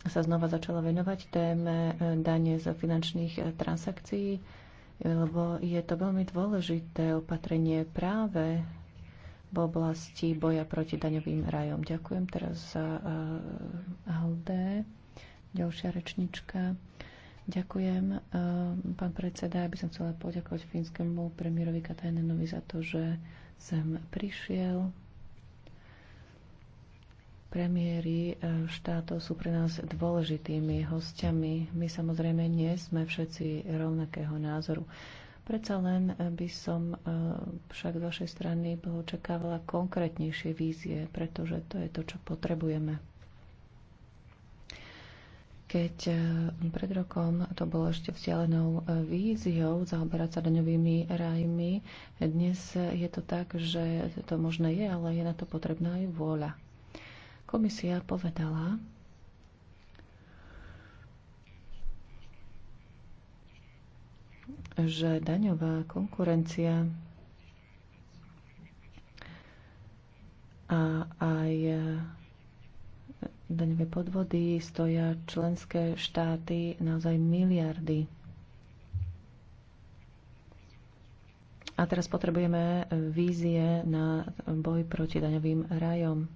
sa znova začala venovať téme dane z finančných transakcií lebo je to veľmi dôležité opatrenie práve v oblasti boja proti daňovým rajom. Ďakujem teraz za eh, Alde. Ďalšia rečnička. Ďakujem, eh, pán predseda. Ja by som chcela poďakovať fínskemu premiérovi Katajnenovi za to, že sem prišiel Premiéry e, štátov sú pre nás dôležitými hostiami. My samozrejme nie sme všetci rovnakého názoru. Predsa len e, by som e, však z vašej strany očakávala konkrétnejšie vízie, pretože to je to, čo potrebujeme. Keď pred rokom to bolo ešte vzdialenou víziou zaoberať sa daňovými rajmi, dnes je to tak, že to možné je, ale je na to potrebná aj vôľa. Komisia povedala, že daňová konkurencia a aj daňové podvody stoja členské štáty naozaj miliardy. A teraz potrebujeme vízie na boj proti daňovým rajom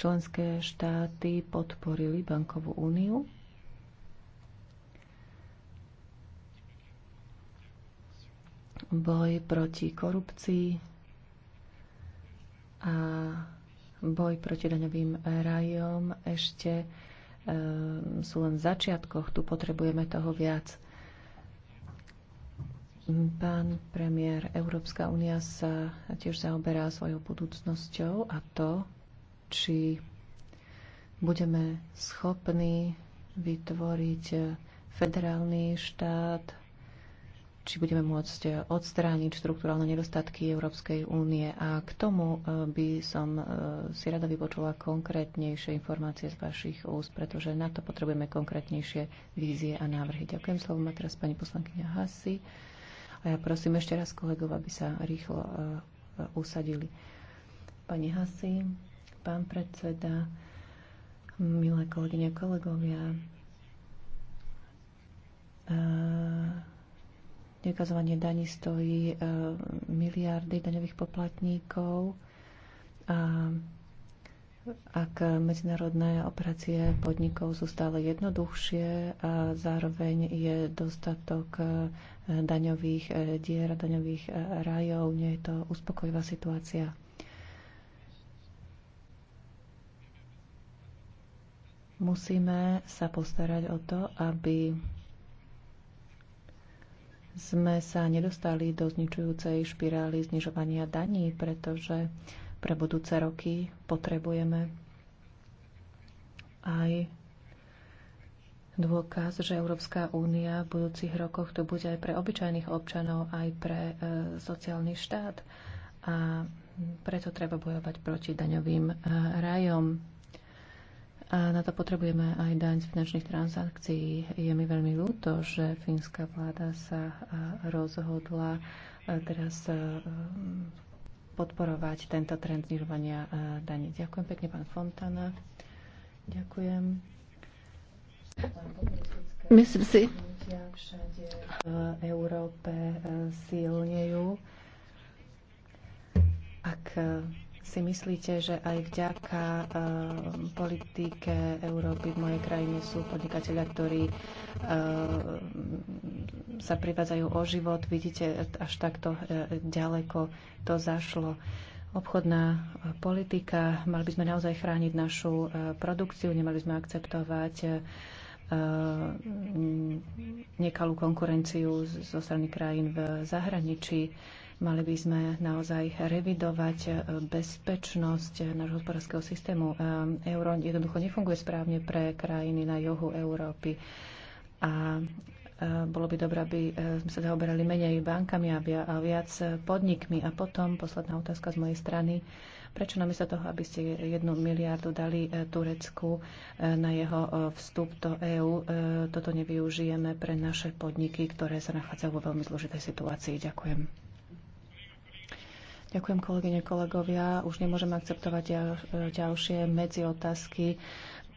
členské štáty podporili bankovú úniu. Boj proti korupcii a boj proti daňovým rajom ešte e, sú len v začiatkoch. Tu potrebujeme toho viac. Pán premiér, Európska únia sa tiež zaoberá svojou budúcnosťou a to či budeme schopní vytvoriť federálny štát, či budeme môcť odstrániť štruktúralne nedostatky Európskej únie. A k tomu eh, by som eh, si rada vypočula konkrétnejšie informácie z vašich úst, pretože na to potrebujeme konkrétnejšie vízie a návrhy. Ďakujem. Slovo má teraz pani poslankyňa Hasi. A ja prosím ešte raz kolegov, aby sa rýchlo eh, usadili. Pani Hasi pán predseda, milé kolegyne a kolegovia. Nekazovanie eh, daní stojí eh, miliardy daňových poplatníkov a ak medzinárodné operácie podnikov sú stále jednoduchšie a zároveň je dostatok eh, daňových dier, daňových rajov, nie je to uspokojivá situácia. Musíme sa postarať o to, aby sme sa nedostali do zničujúcej špirály znižovania daní, pretože pre budúce roky potrebujeme aj dôkaz, že Európska únia v budúcich rokoch to bude aj pre obyčajných občanov, aj pre e, sociálny štát. A preto treba bojovať proti daňovým e, rajom. A na to potrebujeme aj daň z finančných transakcií. Je mi veľmi ľúto, že fínska vláda sa rozhodla teraz podporovať tento trend znižovania daní. Ďakujem pekne, pán Fontana. Ďakujem. Myslím si, všade v Európe e, silnejú. Ak si myslíte, že aj vďaka uh, politike Európy v mojej krajine sú podnikatelia, ktorí uh, sa privádzajú o život? Vidíte, až takto uh, ďaleko to zašlo. Obchodná politika, mali by sme naozaj chrániť našu produkciu, nemali by sme akceptovať nekalú konkurenciu zo strany krajín v zahraničí. Mali by sme naozaj revidovať e, bezpečnosť e, nášho hospodárskeho systému. E, euro jednoducho nefunguje správne pre krajiny na juhu Európy. A bolo by dobré, aby sme sa zaoberali menej bankami a viac podnikmi. A potom posledná otázka z mojej strany. Prečo namiesto toho, aby ste jednu miliardu dali Turecku na jeho vstup do EÚ, toto nevyužijeme pre naše podniky, ktoré sa nachádzajú vo veľmi zložitej situácii? Ďakujem. Ďakujem kolegyne, kolegovia. Už nemôžem akceptovať ďalšie medzi otázky,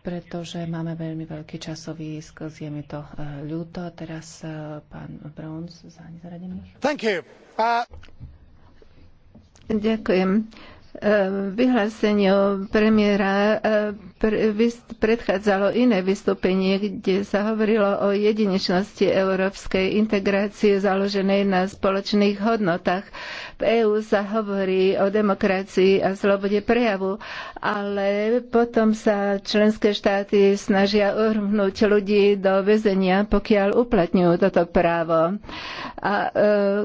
pretože máme veľmi veľký časový sklz. Je mi to e, ľúto. Teraz e, pán Browns za nezaradených. Thank you. Uh... Ďakujem. Eh, vyhláseniu premiéra eh, predchádzalo iné vystúpenie, kde sa hovorilo o jedinečnosti európskej integrácie založenej na spoločných hodnotách. V EÚ sa hovorí o demokracii a slobode prejavu, ale potom sa členské štáty snažia urhnúť ľudí do väzenia, pokiaľ uplatňujú toto právo. A eh,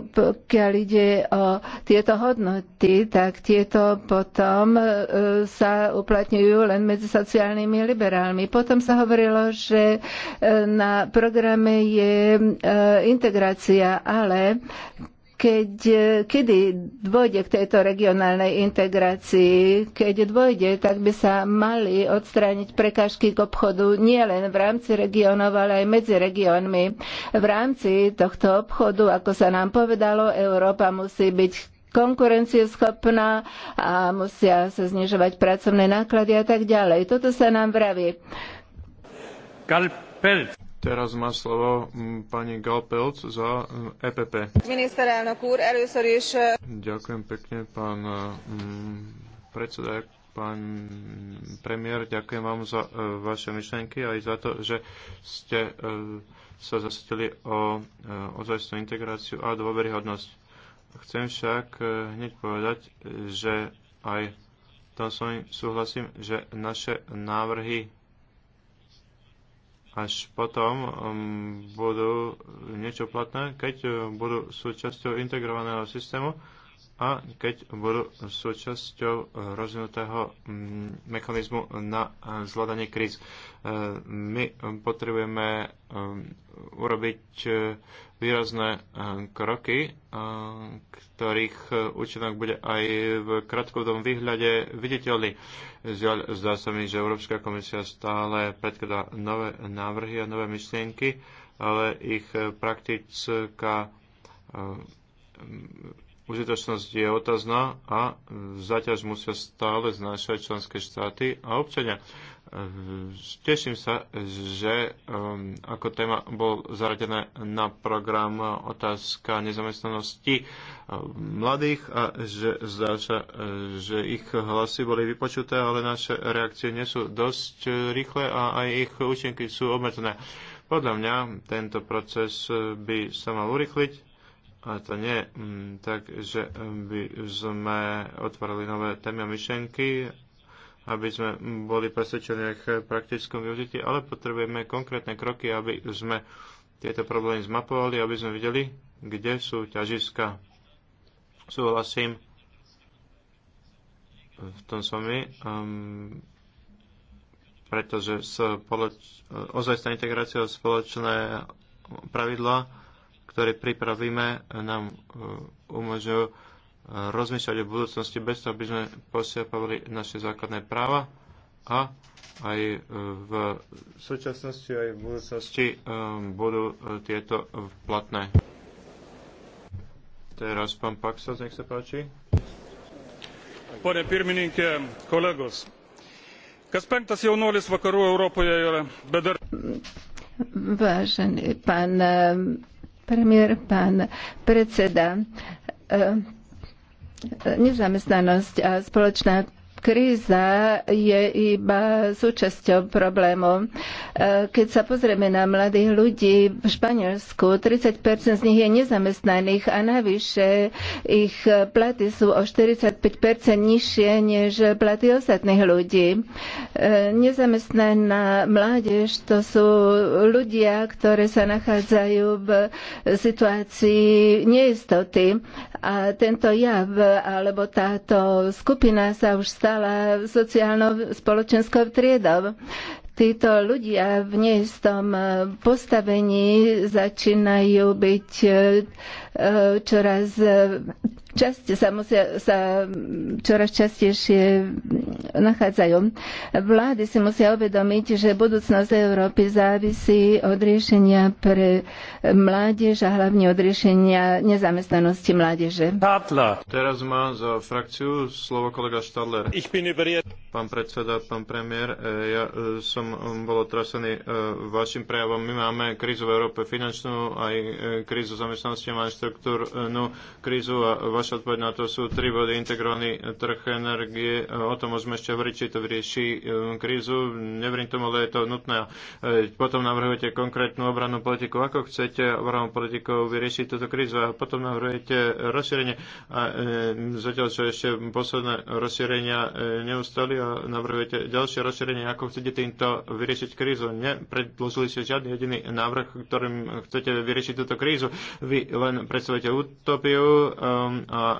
pokiaľ ide o tieto hodnoty, tak tieto potom e, sa uplatňujú len medzi sociálnymi liberálmi. Potom sa hovorilo, že e, na programe je e, integrácia, ale keď, kedy dôjde k tejto regionálnej integrácii, keď dôjde, tak by sa mali odstrániť prekážky k obchodu nielen v rámci regionov, ale aj medzi regiónmi. V rámci tohto obchodu, ako sa nám povedalo, Európa musí byť konkurencieschopná a musia sa znižovať pracovné náklady a tak ďalej. Toto sa nám vraví. Galpelt. Teraz má slovo mm, pani Galpelc za mm, EPP. Minister. úr, először is... Ďakujem pekne, pán mm, predseda, pán premiér, ďakujem vám za e, vaše myšlenky aj za to, že ste e, sa zasadili o e, ozajstnú integráciu a dôveryhodnosť Chcem však e, hneď povedať, že aj tam som súhlasím, že naše návrhy až potom e, budú niečo platné, keď e, budú súčasťou integrovaného systému a keď budú súčasťou rozvinutého mechanizmu na zvládanie kríz. My potrebujeme urobiť výrazné eh, kroky, eh, ktorých eh, účinok bude aj v krátkodobom výhľade viditeľný. Žiaľ, zdá sa mi, že Európska komisia stále predkladá nové návrhy a nové myšlienky, ale ich praktická užitočnosť je otázna a zaťaž musia stále znášať členské štáty a občania. Ehm, teším sa, že um, ako téma bol zaradená na program otázka nezamestnanosti ehm, mladých a že zdá sa, že ich hlasy boli vypočuté, ale naše reakcie nie sú dosť rýchle a aj ich účinky sú obmedzené. Podľa mňa tento proces by sa mal urychliť a to nie mm, tak, že by sme otvorili nové témy a myšlenky aby sme boli presvedčení k praktickom využití, ale potrebujeme konkrétne kroky, aby sme tieto problémy zmapovali, aby sme videli, kde sú ťažiska. Súhlasím v tom s vami, um, pretože spoloč- ozajstná integrácia spoločné pravidla, ktoré pripravíme, nám uh, umožňujú rozmýšľať o budúcnosti bez toho, aby sme posiapovali naše základné práva a aj e, v súčasnosti, aj v budúcnosti e, budú e, tieto platné. Teraz pán Paxos, nech sa páči. Pane pirmininkė, kolegos, kas penktas jaunuolis vakarų Europoje yra bedarbis. Vážený pán premiér, pán predseda, nezamestnanosť a spoločná Kríza je iba súčasťou problému. E, keď sa pozrieme na mladých ľudí v Španielsku, 30% z nich je nezamestnaných a navyše ich platy sú o 45% nižšie než platy ostatných ľudí. E, nezamestnaná mládež to sú ľudia, ktoré sa nachádzajú v situácii neistoty a tento jav alebo táto skupina sa už stále stala sociálnou spoločenskou triedou títo ľudia v neistom e, postavení začínajú byť e, e, čoraz časte sa, musia, sa čoraz častejšie nachádzajú. Vlády si musia uvedomiť, že budúcnosť Európy závisí od riešenia pre mládež a hlavne od riešenia nezamestnanosti mládeže. Tátla. Teraz má za frakciu slovo kolega Štadler. Pán predseda, pán premiér, ja som bolo bol otrasený e, vašim prejavom. My máme krízu v Európe finančnú, aj e, krízu zamestnanosti, máme štruktúrnu krízu a vaša odpoveď na to sú tri body integrovaný trh energie. O tom môžeme ešte hovoriť, či to vyrieši e, krízu. Neverím tomu, ale je to nutné. Potom navrhujete konkrétnu obrannú politiku. Ako chcete obrannú politiku vyriešiť túto krízu? A potom navrhujete rozšírenie. A zatiaľ, čo ešte posledné rozšírenia neustali a navrhujete ďalšie rozšírenie, ako chcete týmto vyriešiť krízu. Nepredložili ste žiadny jediný návrh, ktorým chcete vyriešiť túto krízu. Vy len predstavujete utopiu um, a um,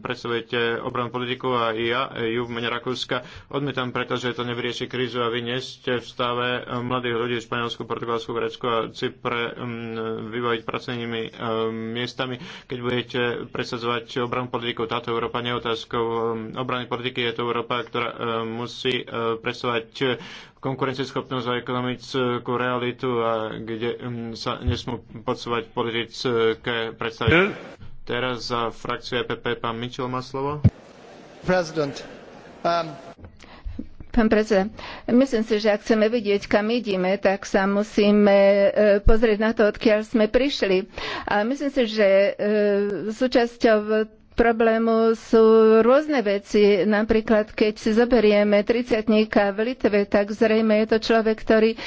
predstavujete obranu politiku a ja ju v mene Rakúska odmietam, pretože to nevyrieši krízu a vy nie ste v stave um, mladých ľudí v Španielsku, Portugalsku, Grécku a Cypre um, vybaviť pracovnými um, miestami, keď budete presadzovať obranu politiku. Táto Európa nie je otázkou um, obrany politiky, je to Európa, ktorá um, musí uh, presovať konkurencieschopnosť a ekonomickú realitu, a kde um, sa nesmú podsúvať politické predstavy. Hm? Teraz za frakciu EPP pán Mitchell má slovo. President, um... Pán predseda, myslím si, že ak chceme vidieť, kam ideme, tak sa musíme e, pozrieť na to, odkiaľ sme prišli. A myslím si, že e, súčasťou problému sú rôzne veci. Napríklad, keď si zoberieme triciatníka v Litve, tak zrejme je to človek, ktorý e,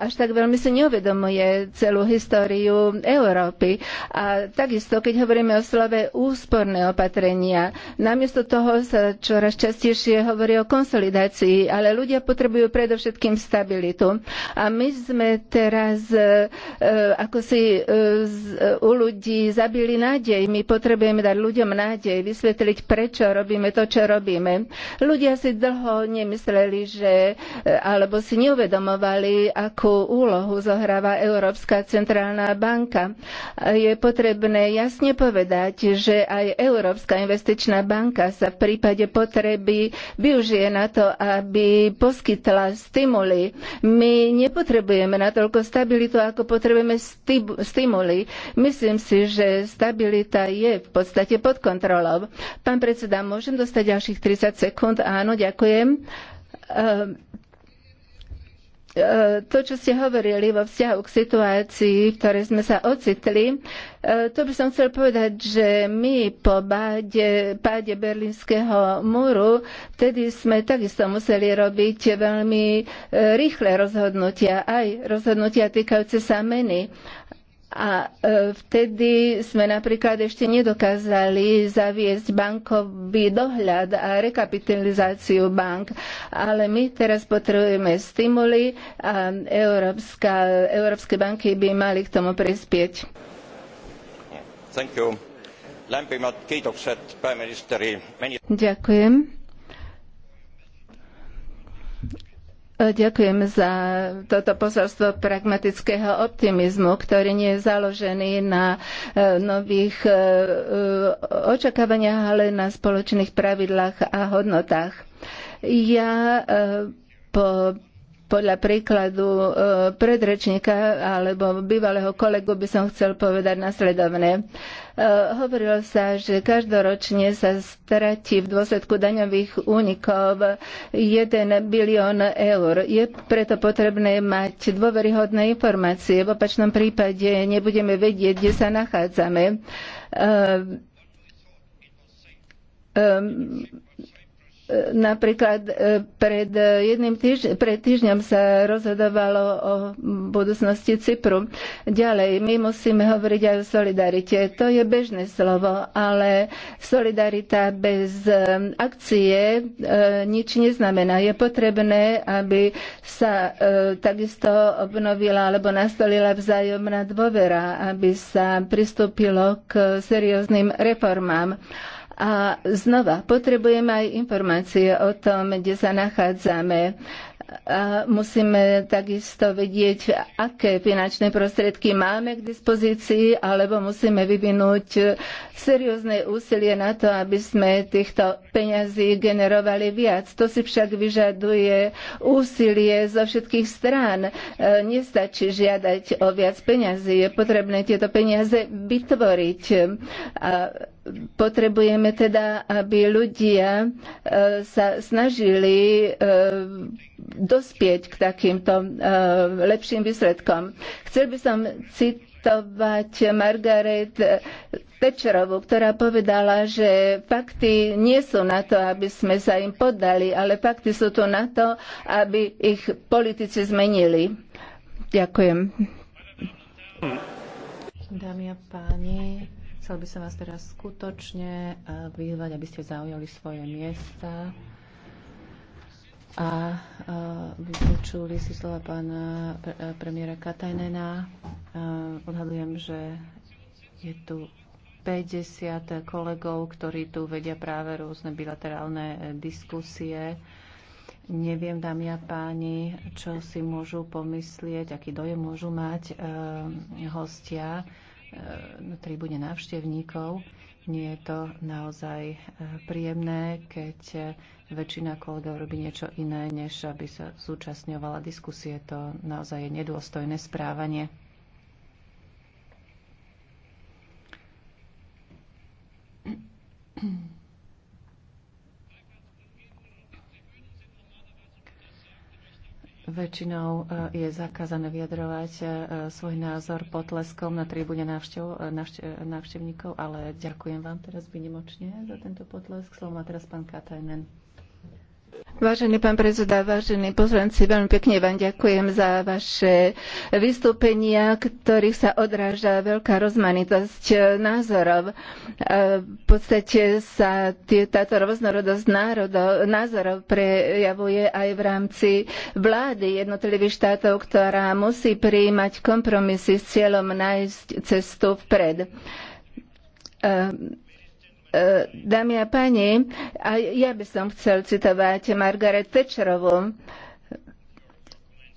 až tak veľmi si neuvedomuje celú históriu Európy. A takisto, keď hovoríme o slove úsporné opatrenia, namiesto toho sa čoraz častejšie hovorí o konsolidácii, ale ľudia potrebujú predovšetkým stabilitu. A my sme teraz e, e, ako si u ľudí zabili nádej. My potrebujeme dať ľuďom nádej vysvetliť, prečo robíme to, čo robíme. Ľudia si dlho nemysleli, že e, alebo si neuvedomovali, akú úlohu zohráva Európska centrálna banka. Je potrebné jasne povedať, že aj Európska investičná banka sa v prípade potreby využije na to, aby poskytla stimuly. My nepotrebujeme natoľko stabilitu, ako potrebujeme stimuly. Myslím si, že stabilita je v podstate pod kontrolou kontrolou. Pán predseda, môžem dostať ďalších 30 sekúnd? Áno, ďakujem e, e, to, čo ste hovorili vo vzťahu k situácii, v ktorej sme sa ocitli, e, to by som chcel povedať, že my po báde, páde berlínskeho múru, vtedy sme takisto museli robiť veľmi rýchle rozhodnutia, aj rozhodnutia týkajúce sa meny. A e, vtedy sme napríklad ešte nedokázali zaviesť bankový dohľad a rekapitalizáciu bank, ale my teraz potrebujeme stimuly a Európska, európske banky by mali k tomu prispieť. Thank you. Lämpimät kiitokset pääministeri. Ďakujem. Ďakujem za toto posolstvo pragmatického optimizmu, ktorý nie je založený na e, nových e, e, očakávaniach, ale na spoločných pravidlách a hodnotách. Ja po podľa príkladu e, predrečníka alebo bývalého kolegu by som chcel povedať nasledovné. E, hovorilo sa, že každoročne sa stratí v dôsledku daňových únikov 1 bilión eur. Je preto potrebné mať dôveryhodné informácie. V opačnom prípade nebudeme vedieť, kde sa nachádzame. Um, Napríklad e, pred jedným týž- pred týždňom sa rozhodovalo o budúcnosti Cypru. Ďalej, my musíme hovoriť aj o solidarite. To je bežné slovo, ale solidarita bez e, akcie e, nič neznamená. Je potrebné, aby sa takisto obnovila alebo nastolila vzájomná dôvera, aby sa pristúpilo k serióznym reformám. A znova, potrebujeme aj informácie o tom, kde sa nachádzame. A musíme takisto vedieť, aké finančné prostriedky máme k dispozícii, alebo musíme vyvinúť seriózne úsilie na to, aby sme týchto peňazí generovali viac. To si však vyžaduje úsilie zo všetkých strán. E, nestačí žiadať o viac peňazí, je potrebné tieto peniaze vytvoriť. A potrebujeme teda, aby ľudia e, sa snažili e, dospieť k takýmto e, lepším výsledkom. Chcel by som citovať Margaret Tečerovu, ktorá povedala, že fakty nie sú na to, aby sme sa im poddali, ale fakty sú tu na to, aby ich politici zmenili. Ďakujem. Dámy a páni, Chcel by som vás teraz skutočne eh, vyzvať, aby ste zaujali svoje miesta a eh, vypočuli si slova pána eh, premiéra Katajnena. Odhadujem, že je tu 50 kolegov, ktorí tu vedia práve rôzne bilaterálne diskusie. Neviem, dámy a páni, čo si môžu pomyslieť, aký dojem môžu mať e, hostia. E, tribúne návštevníkov. Nie je to naozaj e, príjemné, keď e, väčšina kolegov robí niečo iné, než aby sa zúčastňovala diskusie. To naozaj je nedôstojné správanie. Mm-hmm. Väčšinou e, je zakázané vyjadrovať e, svoj názor potleskom na tribúne návštev, e, návštev, návštevníkov, ale ďakujem vám teraz vynimočne za tento potlesk. Slovo má teraz pán Katajnen. Vážený pán predseda, vážení poslanci, veľmi pekne vám ďakujem za vaše vystúpenia, ktorých sa odráža veľká rozmanitosť názorov. V podstate sa táto roznorodosť názorov prejavuje aj v rámci vlády jednotlivých štátov, ktorá musí prijímať kompromisy s cieľom nájsť cestu vpred E, dámy a páni, a ja by som chcel citovať Margaret Thatcherovú.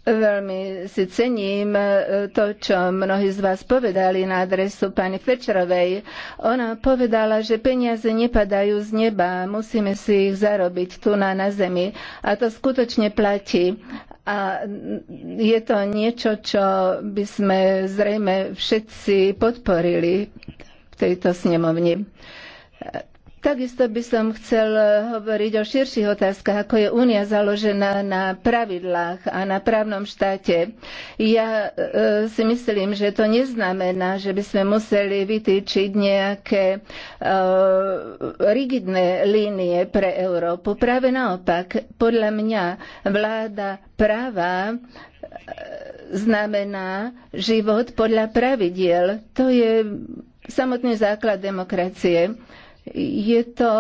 Veľmi si cením e, to, čo mnohí z vás povedali na adresu pani Fečerovej. Ona povedala, že peniaze nepadajú z neba, musíme si ich zarobiť tu na, na zemi. A to skutočne platí. A je to niečo, čo by sme zrejme všetci podporili v tejto snemovni. Takisto by som chcel eh, hovoriť o širších otázkach, ako je únia založená na pravidlách a na právnom štáte. Ja e, si myslím, že to neznamená, že by sme museli vytýčiť nejaké e, rigidné línie pre Európu. Práve naopak, podľa mňa vláda práva znamená život podľa pravidiel. To je samotný základ demokracie je to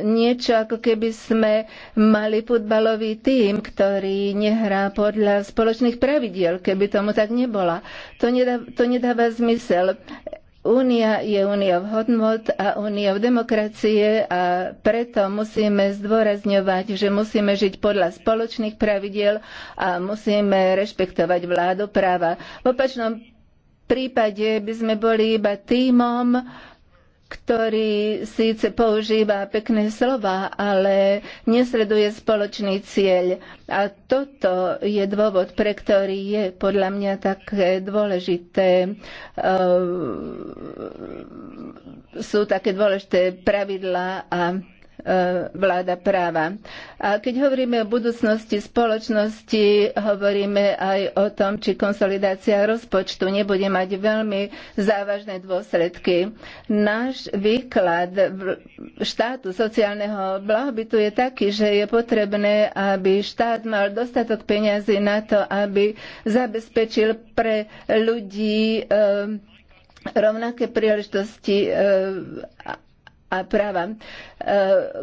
niečo, ako keby sme mali futbalový tím, ktorý nehrá podľa spoločných pravidiel, keby tomu tak nebola. To, nedá, to nedáva zmysel. Únia je únia v hodnot a v demokracie a preto musíme zdôrazňovať, že musíme žiť podľa spoločných pravidiel a musíme rešpektovať vládu práva. V opačnom prípade by sme boli iba týmom, ktorý síce používa pekné slova, ale nesleduje spoločný cieľ. A toto je dôvod, pre ktorý je podľa mňa také dôležité, uh, sú také dôležité pravidlá a E, vláda práva. A keď hovoríme o budúcnosti spoločnosti, hovoríme aj o tom, či konsolidácia rozpočtu nebude mať veľmi závažné dôsledky. Náš výklad štátu sociálneho blahobytu je taký, že je potrebné, aby štát mal dostatok peňazí na to, aby zabezpečil pre ľudí e, rovnaké príležitosti e, a práva. E,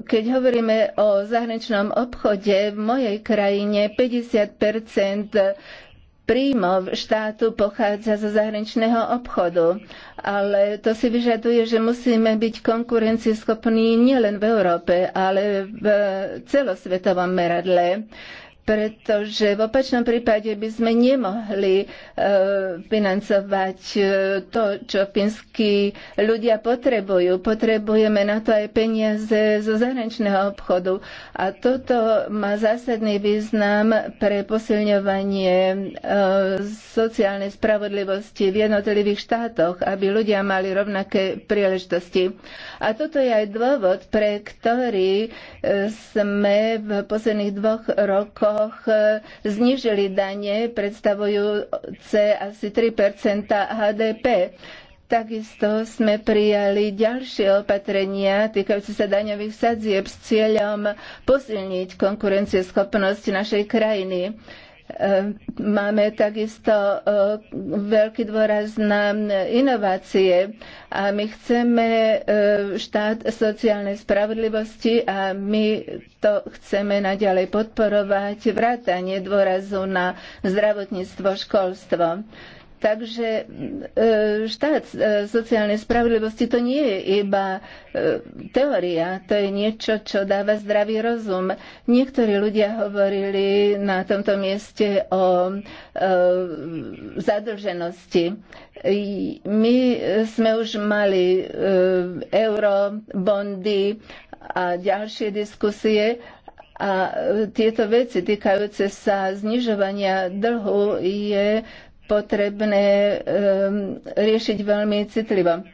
keď hovoríme o zahraničnom obchode, v mojej krajine 50 príjmov štátu pochádza zo zahraničného obchodu, ale to si vyžaduje, že musíme byť konkurencieschopní nielen v Európe, ale v celosvetovom meradle pretože v opačnom prípade by sme nemohli e, financovať e, to, čo fínsky ľudia potrebujú. Potrebujeme na to aj peniaze zo zahraničného obchodu. A toto má zásadný význam pre posilňovanie e, sociálnej spravodlivosti v jednotlivých štátoch, aby ľudia mali rovnaké príležitosti. A toto je aj dôvod, pre ktorý sme v posledných dvoch rokoch regiónoch e, znížili dane, predstavujúce asi 3 HDP. Takisto sme prijali ďalšie opatrenia týkajúce sa daňových sadzieb s cieľom posilniť konkurencieschopnosť našej krajiny. Ehm, máme takisto ehm, veľký dôraz na inovácie a my chceme ehm, štát sociálnej spravodlivosti a my to chceme naďalej podporovať vrátanie dôrazu na zdravotníctvo, školstvo. Takže e, štát e, sociálnej spravodlivosti to nie je iba e, teória, to je niečo, čo dáva zdravý rozum. Niektorí ľudia hovorili na tomto mieste o zadlženosti. My sme už mali eurobondy a ďalšie diskusie a tieto veci týkajúce sa znižovania dlhu je potrebné ehm, riešiť veľmi citlivo.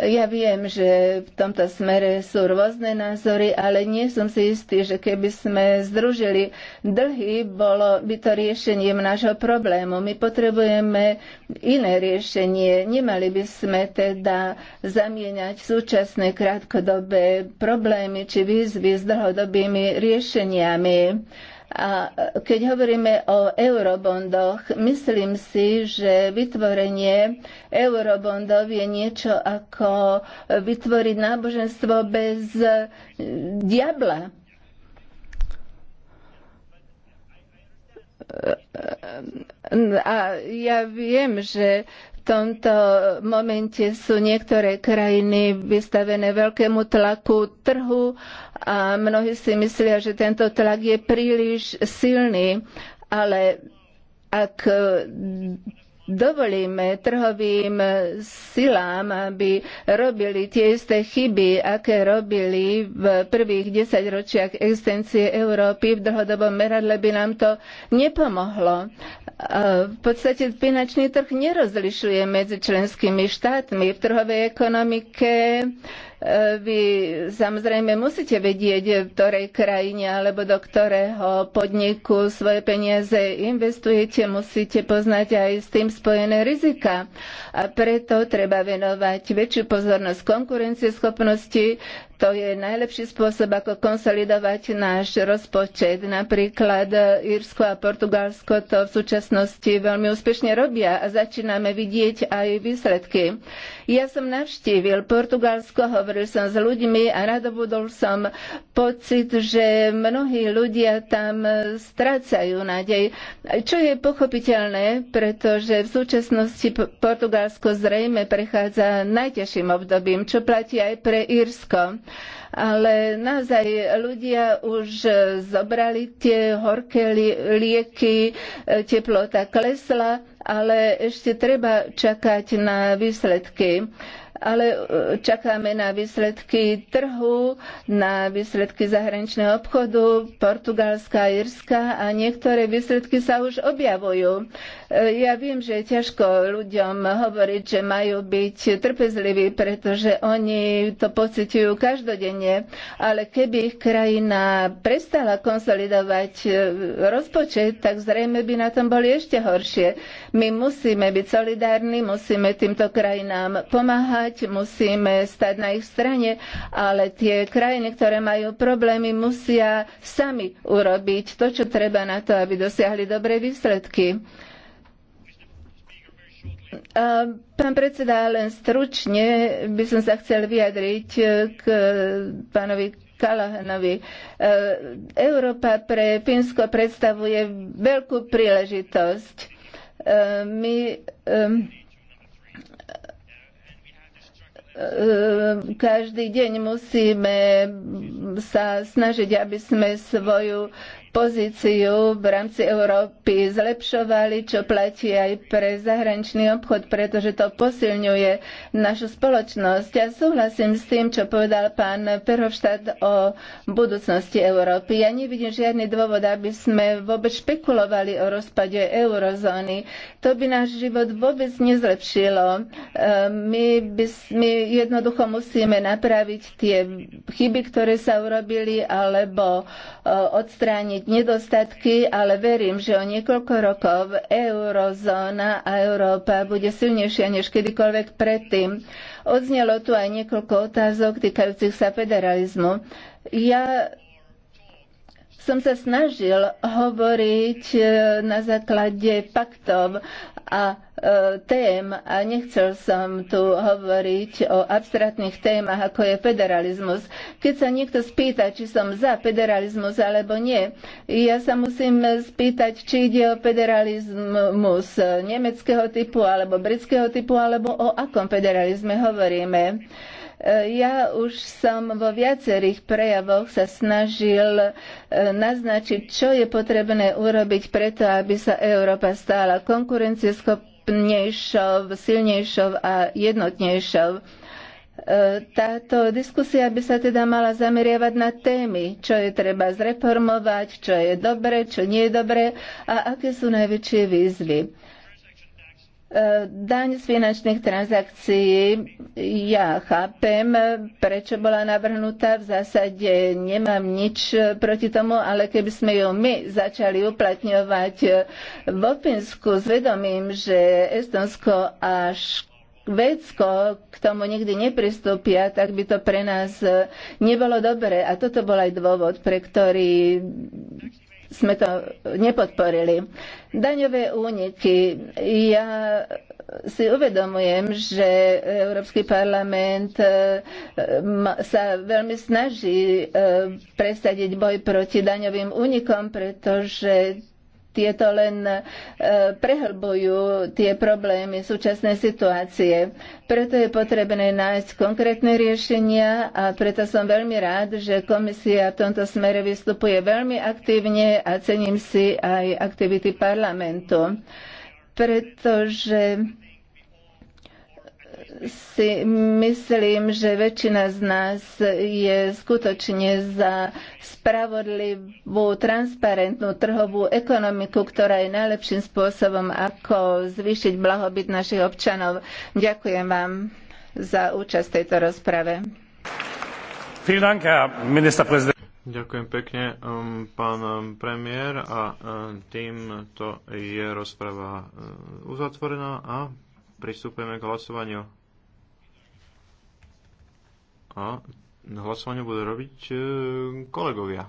Ja viem, že v tomto smere sú rôzne názory, ale nie som si istý, že keby sme združili dlhy, bolo by to riešením nášho problému. My potrebujeme iné riešenie. Nemali by sme teda zamieňať súčasné krátkodobé problémy či výzvy s dlhodobými riešeniami a e, keď hovoríme o eurobondoch, myslím si, že vytvorenie eurobondov je niečo ako vytvoriť náboženstvo bez e, diabla. E, a ja viem, že tomto momente sú niektoré krajiny vystavené veľkému tlaku trhu a mnohí si myslia, že tento tlak je príliš silný, ale ak dovolíme trhovým silám, aby robili tie isté chyby, aké robili v prvých desaťročiach existencie Európy v dlhodobom meradle, by nám to nepomohlo. V podstate finančný trh nerozlišuje medzi členskými štátmi. V trhovej ekonomike E, vy samozrejme musíte vedieť, v ktorej krajine alebo do ktorého podniku svoje peniaze investujete, musíte poznať aj s tým spojené rizika. A preto treba venovať väčšiu pozornosť konkurencieschopnosti, to je najlepší spôsob, ako konsolidovať náš rozpočet. Napríklad e, Írsko a Portugalsko to v súčasnosti veľmi úspešne robia a začíname vidieť aj výsledky. Ja som navštívil Portugalsko, hovoril som s ľuďmi a radobudol som pocit, že mnohí ľudia tam e, strácajú nádej, čo je pochopiteľné, pretože v súčasnosti Portugalsko zrejme prechádza najťažším obdobím, čo platí aj pre Írsko. Ale naozaj ľudia už zobrali tie horké lieky, e, teplota klesla, ale ešte treba čakať na výsledky ale e, čakáme na výsledky trhu, na výsledky zahraničného obchodu Portugalska, Irska a niektoré výsledky sa už objavujú. Ja viem, že je ťažko ľuďom hovoriť, že majú byť trpezliví, pretože oni to pociťujú každodenne, ale keby ich krajina prestala konsolidovať e, rozpočet, tak zrejme by na tom boli ešte horšie. My musíme byť solidárni, musíme týmto krajinám pomáhať, musíme stať na ich strane, ale tie krajiny, ktoré majú problémy, musia sami urobiť to, čo treba na to, aby dosiahli dobré výsledky. Pán predseda, len stručne by som sa chcel vyjadriť e, k pánovi Kalahanovi. E, Európa pre Fínsko predstavuje veľkú príležitosť. E, my každý deň musíme sa snažiť, aby sme svoju pozíciu v rámci Európy zlepšovali, čo platí aj pre zahraničný obchod, pretože to posilňuje našu spoločnosť. Ja súhlasím s tým, čo povedal pán Perhovštát o budúcnosti Európy. Ja nevidím žiadny dôvod, aby sme vôbec špekulovali o rozpade eurozóny. To by náš život vôbec nezlepšilo. Ehm, my, by, my jednoducho musíme napraviť tie chyby, ktoré sa urobili, alebo e, odstrániť odstrániť nedostatky, ale verím, že o niekoľko rokov eurozóna a Európa bude silnejšia než kedykoľvek predtým. Odznelo tu aj niekoľko otázok týkajúcich sa federalizmu. Ja som sa snažil hovoriť e, na základe faktov a e, tém a nechcel som tu hovoriť o abstraktných témach, ako je federalizmus. Keď sa niekto spýta, či som za federalizmus alebo nie, ja sa musím spýtať, či ide o federalizmus nemeckého typu alebo britského typu, alebo o akom federalizme hovoríme. Ja už som vo viacerých prejavoch sa snažil e, naznačiť, čo je potrebné urobiť preto, aby sa Európa stala konkurencieschopnejšou, silnejšou a jednotnejšou. E, táto diskusia by sa teda mala zameriavať na témy, čo je treba zreformovať, čo je dobre, čo nie je dobre a aké sú najväčšie výzvy. Daň z finančných transakcií, ja chápem, prečo bola navrhnutá. V zásade nemám nič proti tomu, ale keby sme ju my začali uplatňovať v Opinsku. s vedomím, že Estonsko a Švédsko k tomu nikdy nepristúpia, tak by to pre nás nebolo dobré. A toto bol aj dôvod, pre ktorý sme to nepodporili. Daňové úniky. Ja si uvedomujem, že Európsky parlament e, sa veľmi snaží e, presadiť boj proti daňovým únikom, pretože tieto len e, prehlbujú tie problémy súčasnej situácie. Preto je potrebné nájsť konkrétne riešenia a preto som veľmi rád, že komisia v tomto smere vystupuje veľmi aktívne a cením si aj aktivity parlamentu, pretože si myslím, že väčšina z nás je skutočne za spravodlivú, transparentnú trhovú ekonomiku, ktorá je najlepším spôsobom, ako zvýšiť blahobyt našich občanov. Ďakujem vám za účasť v tejto rozprave. Ďakujem pekne, um, pán um, premiér, a um, týmto je rozprava uh, uzatvorená a pristupujeme k hlasovaniu. A hlasovanie bude robiť e, kolegovia.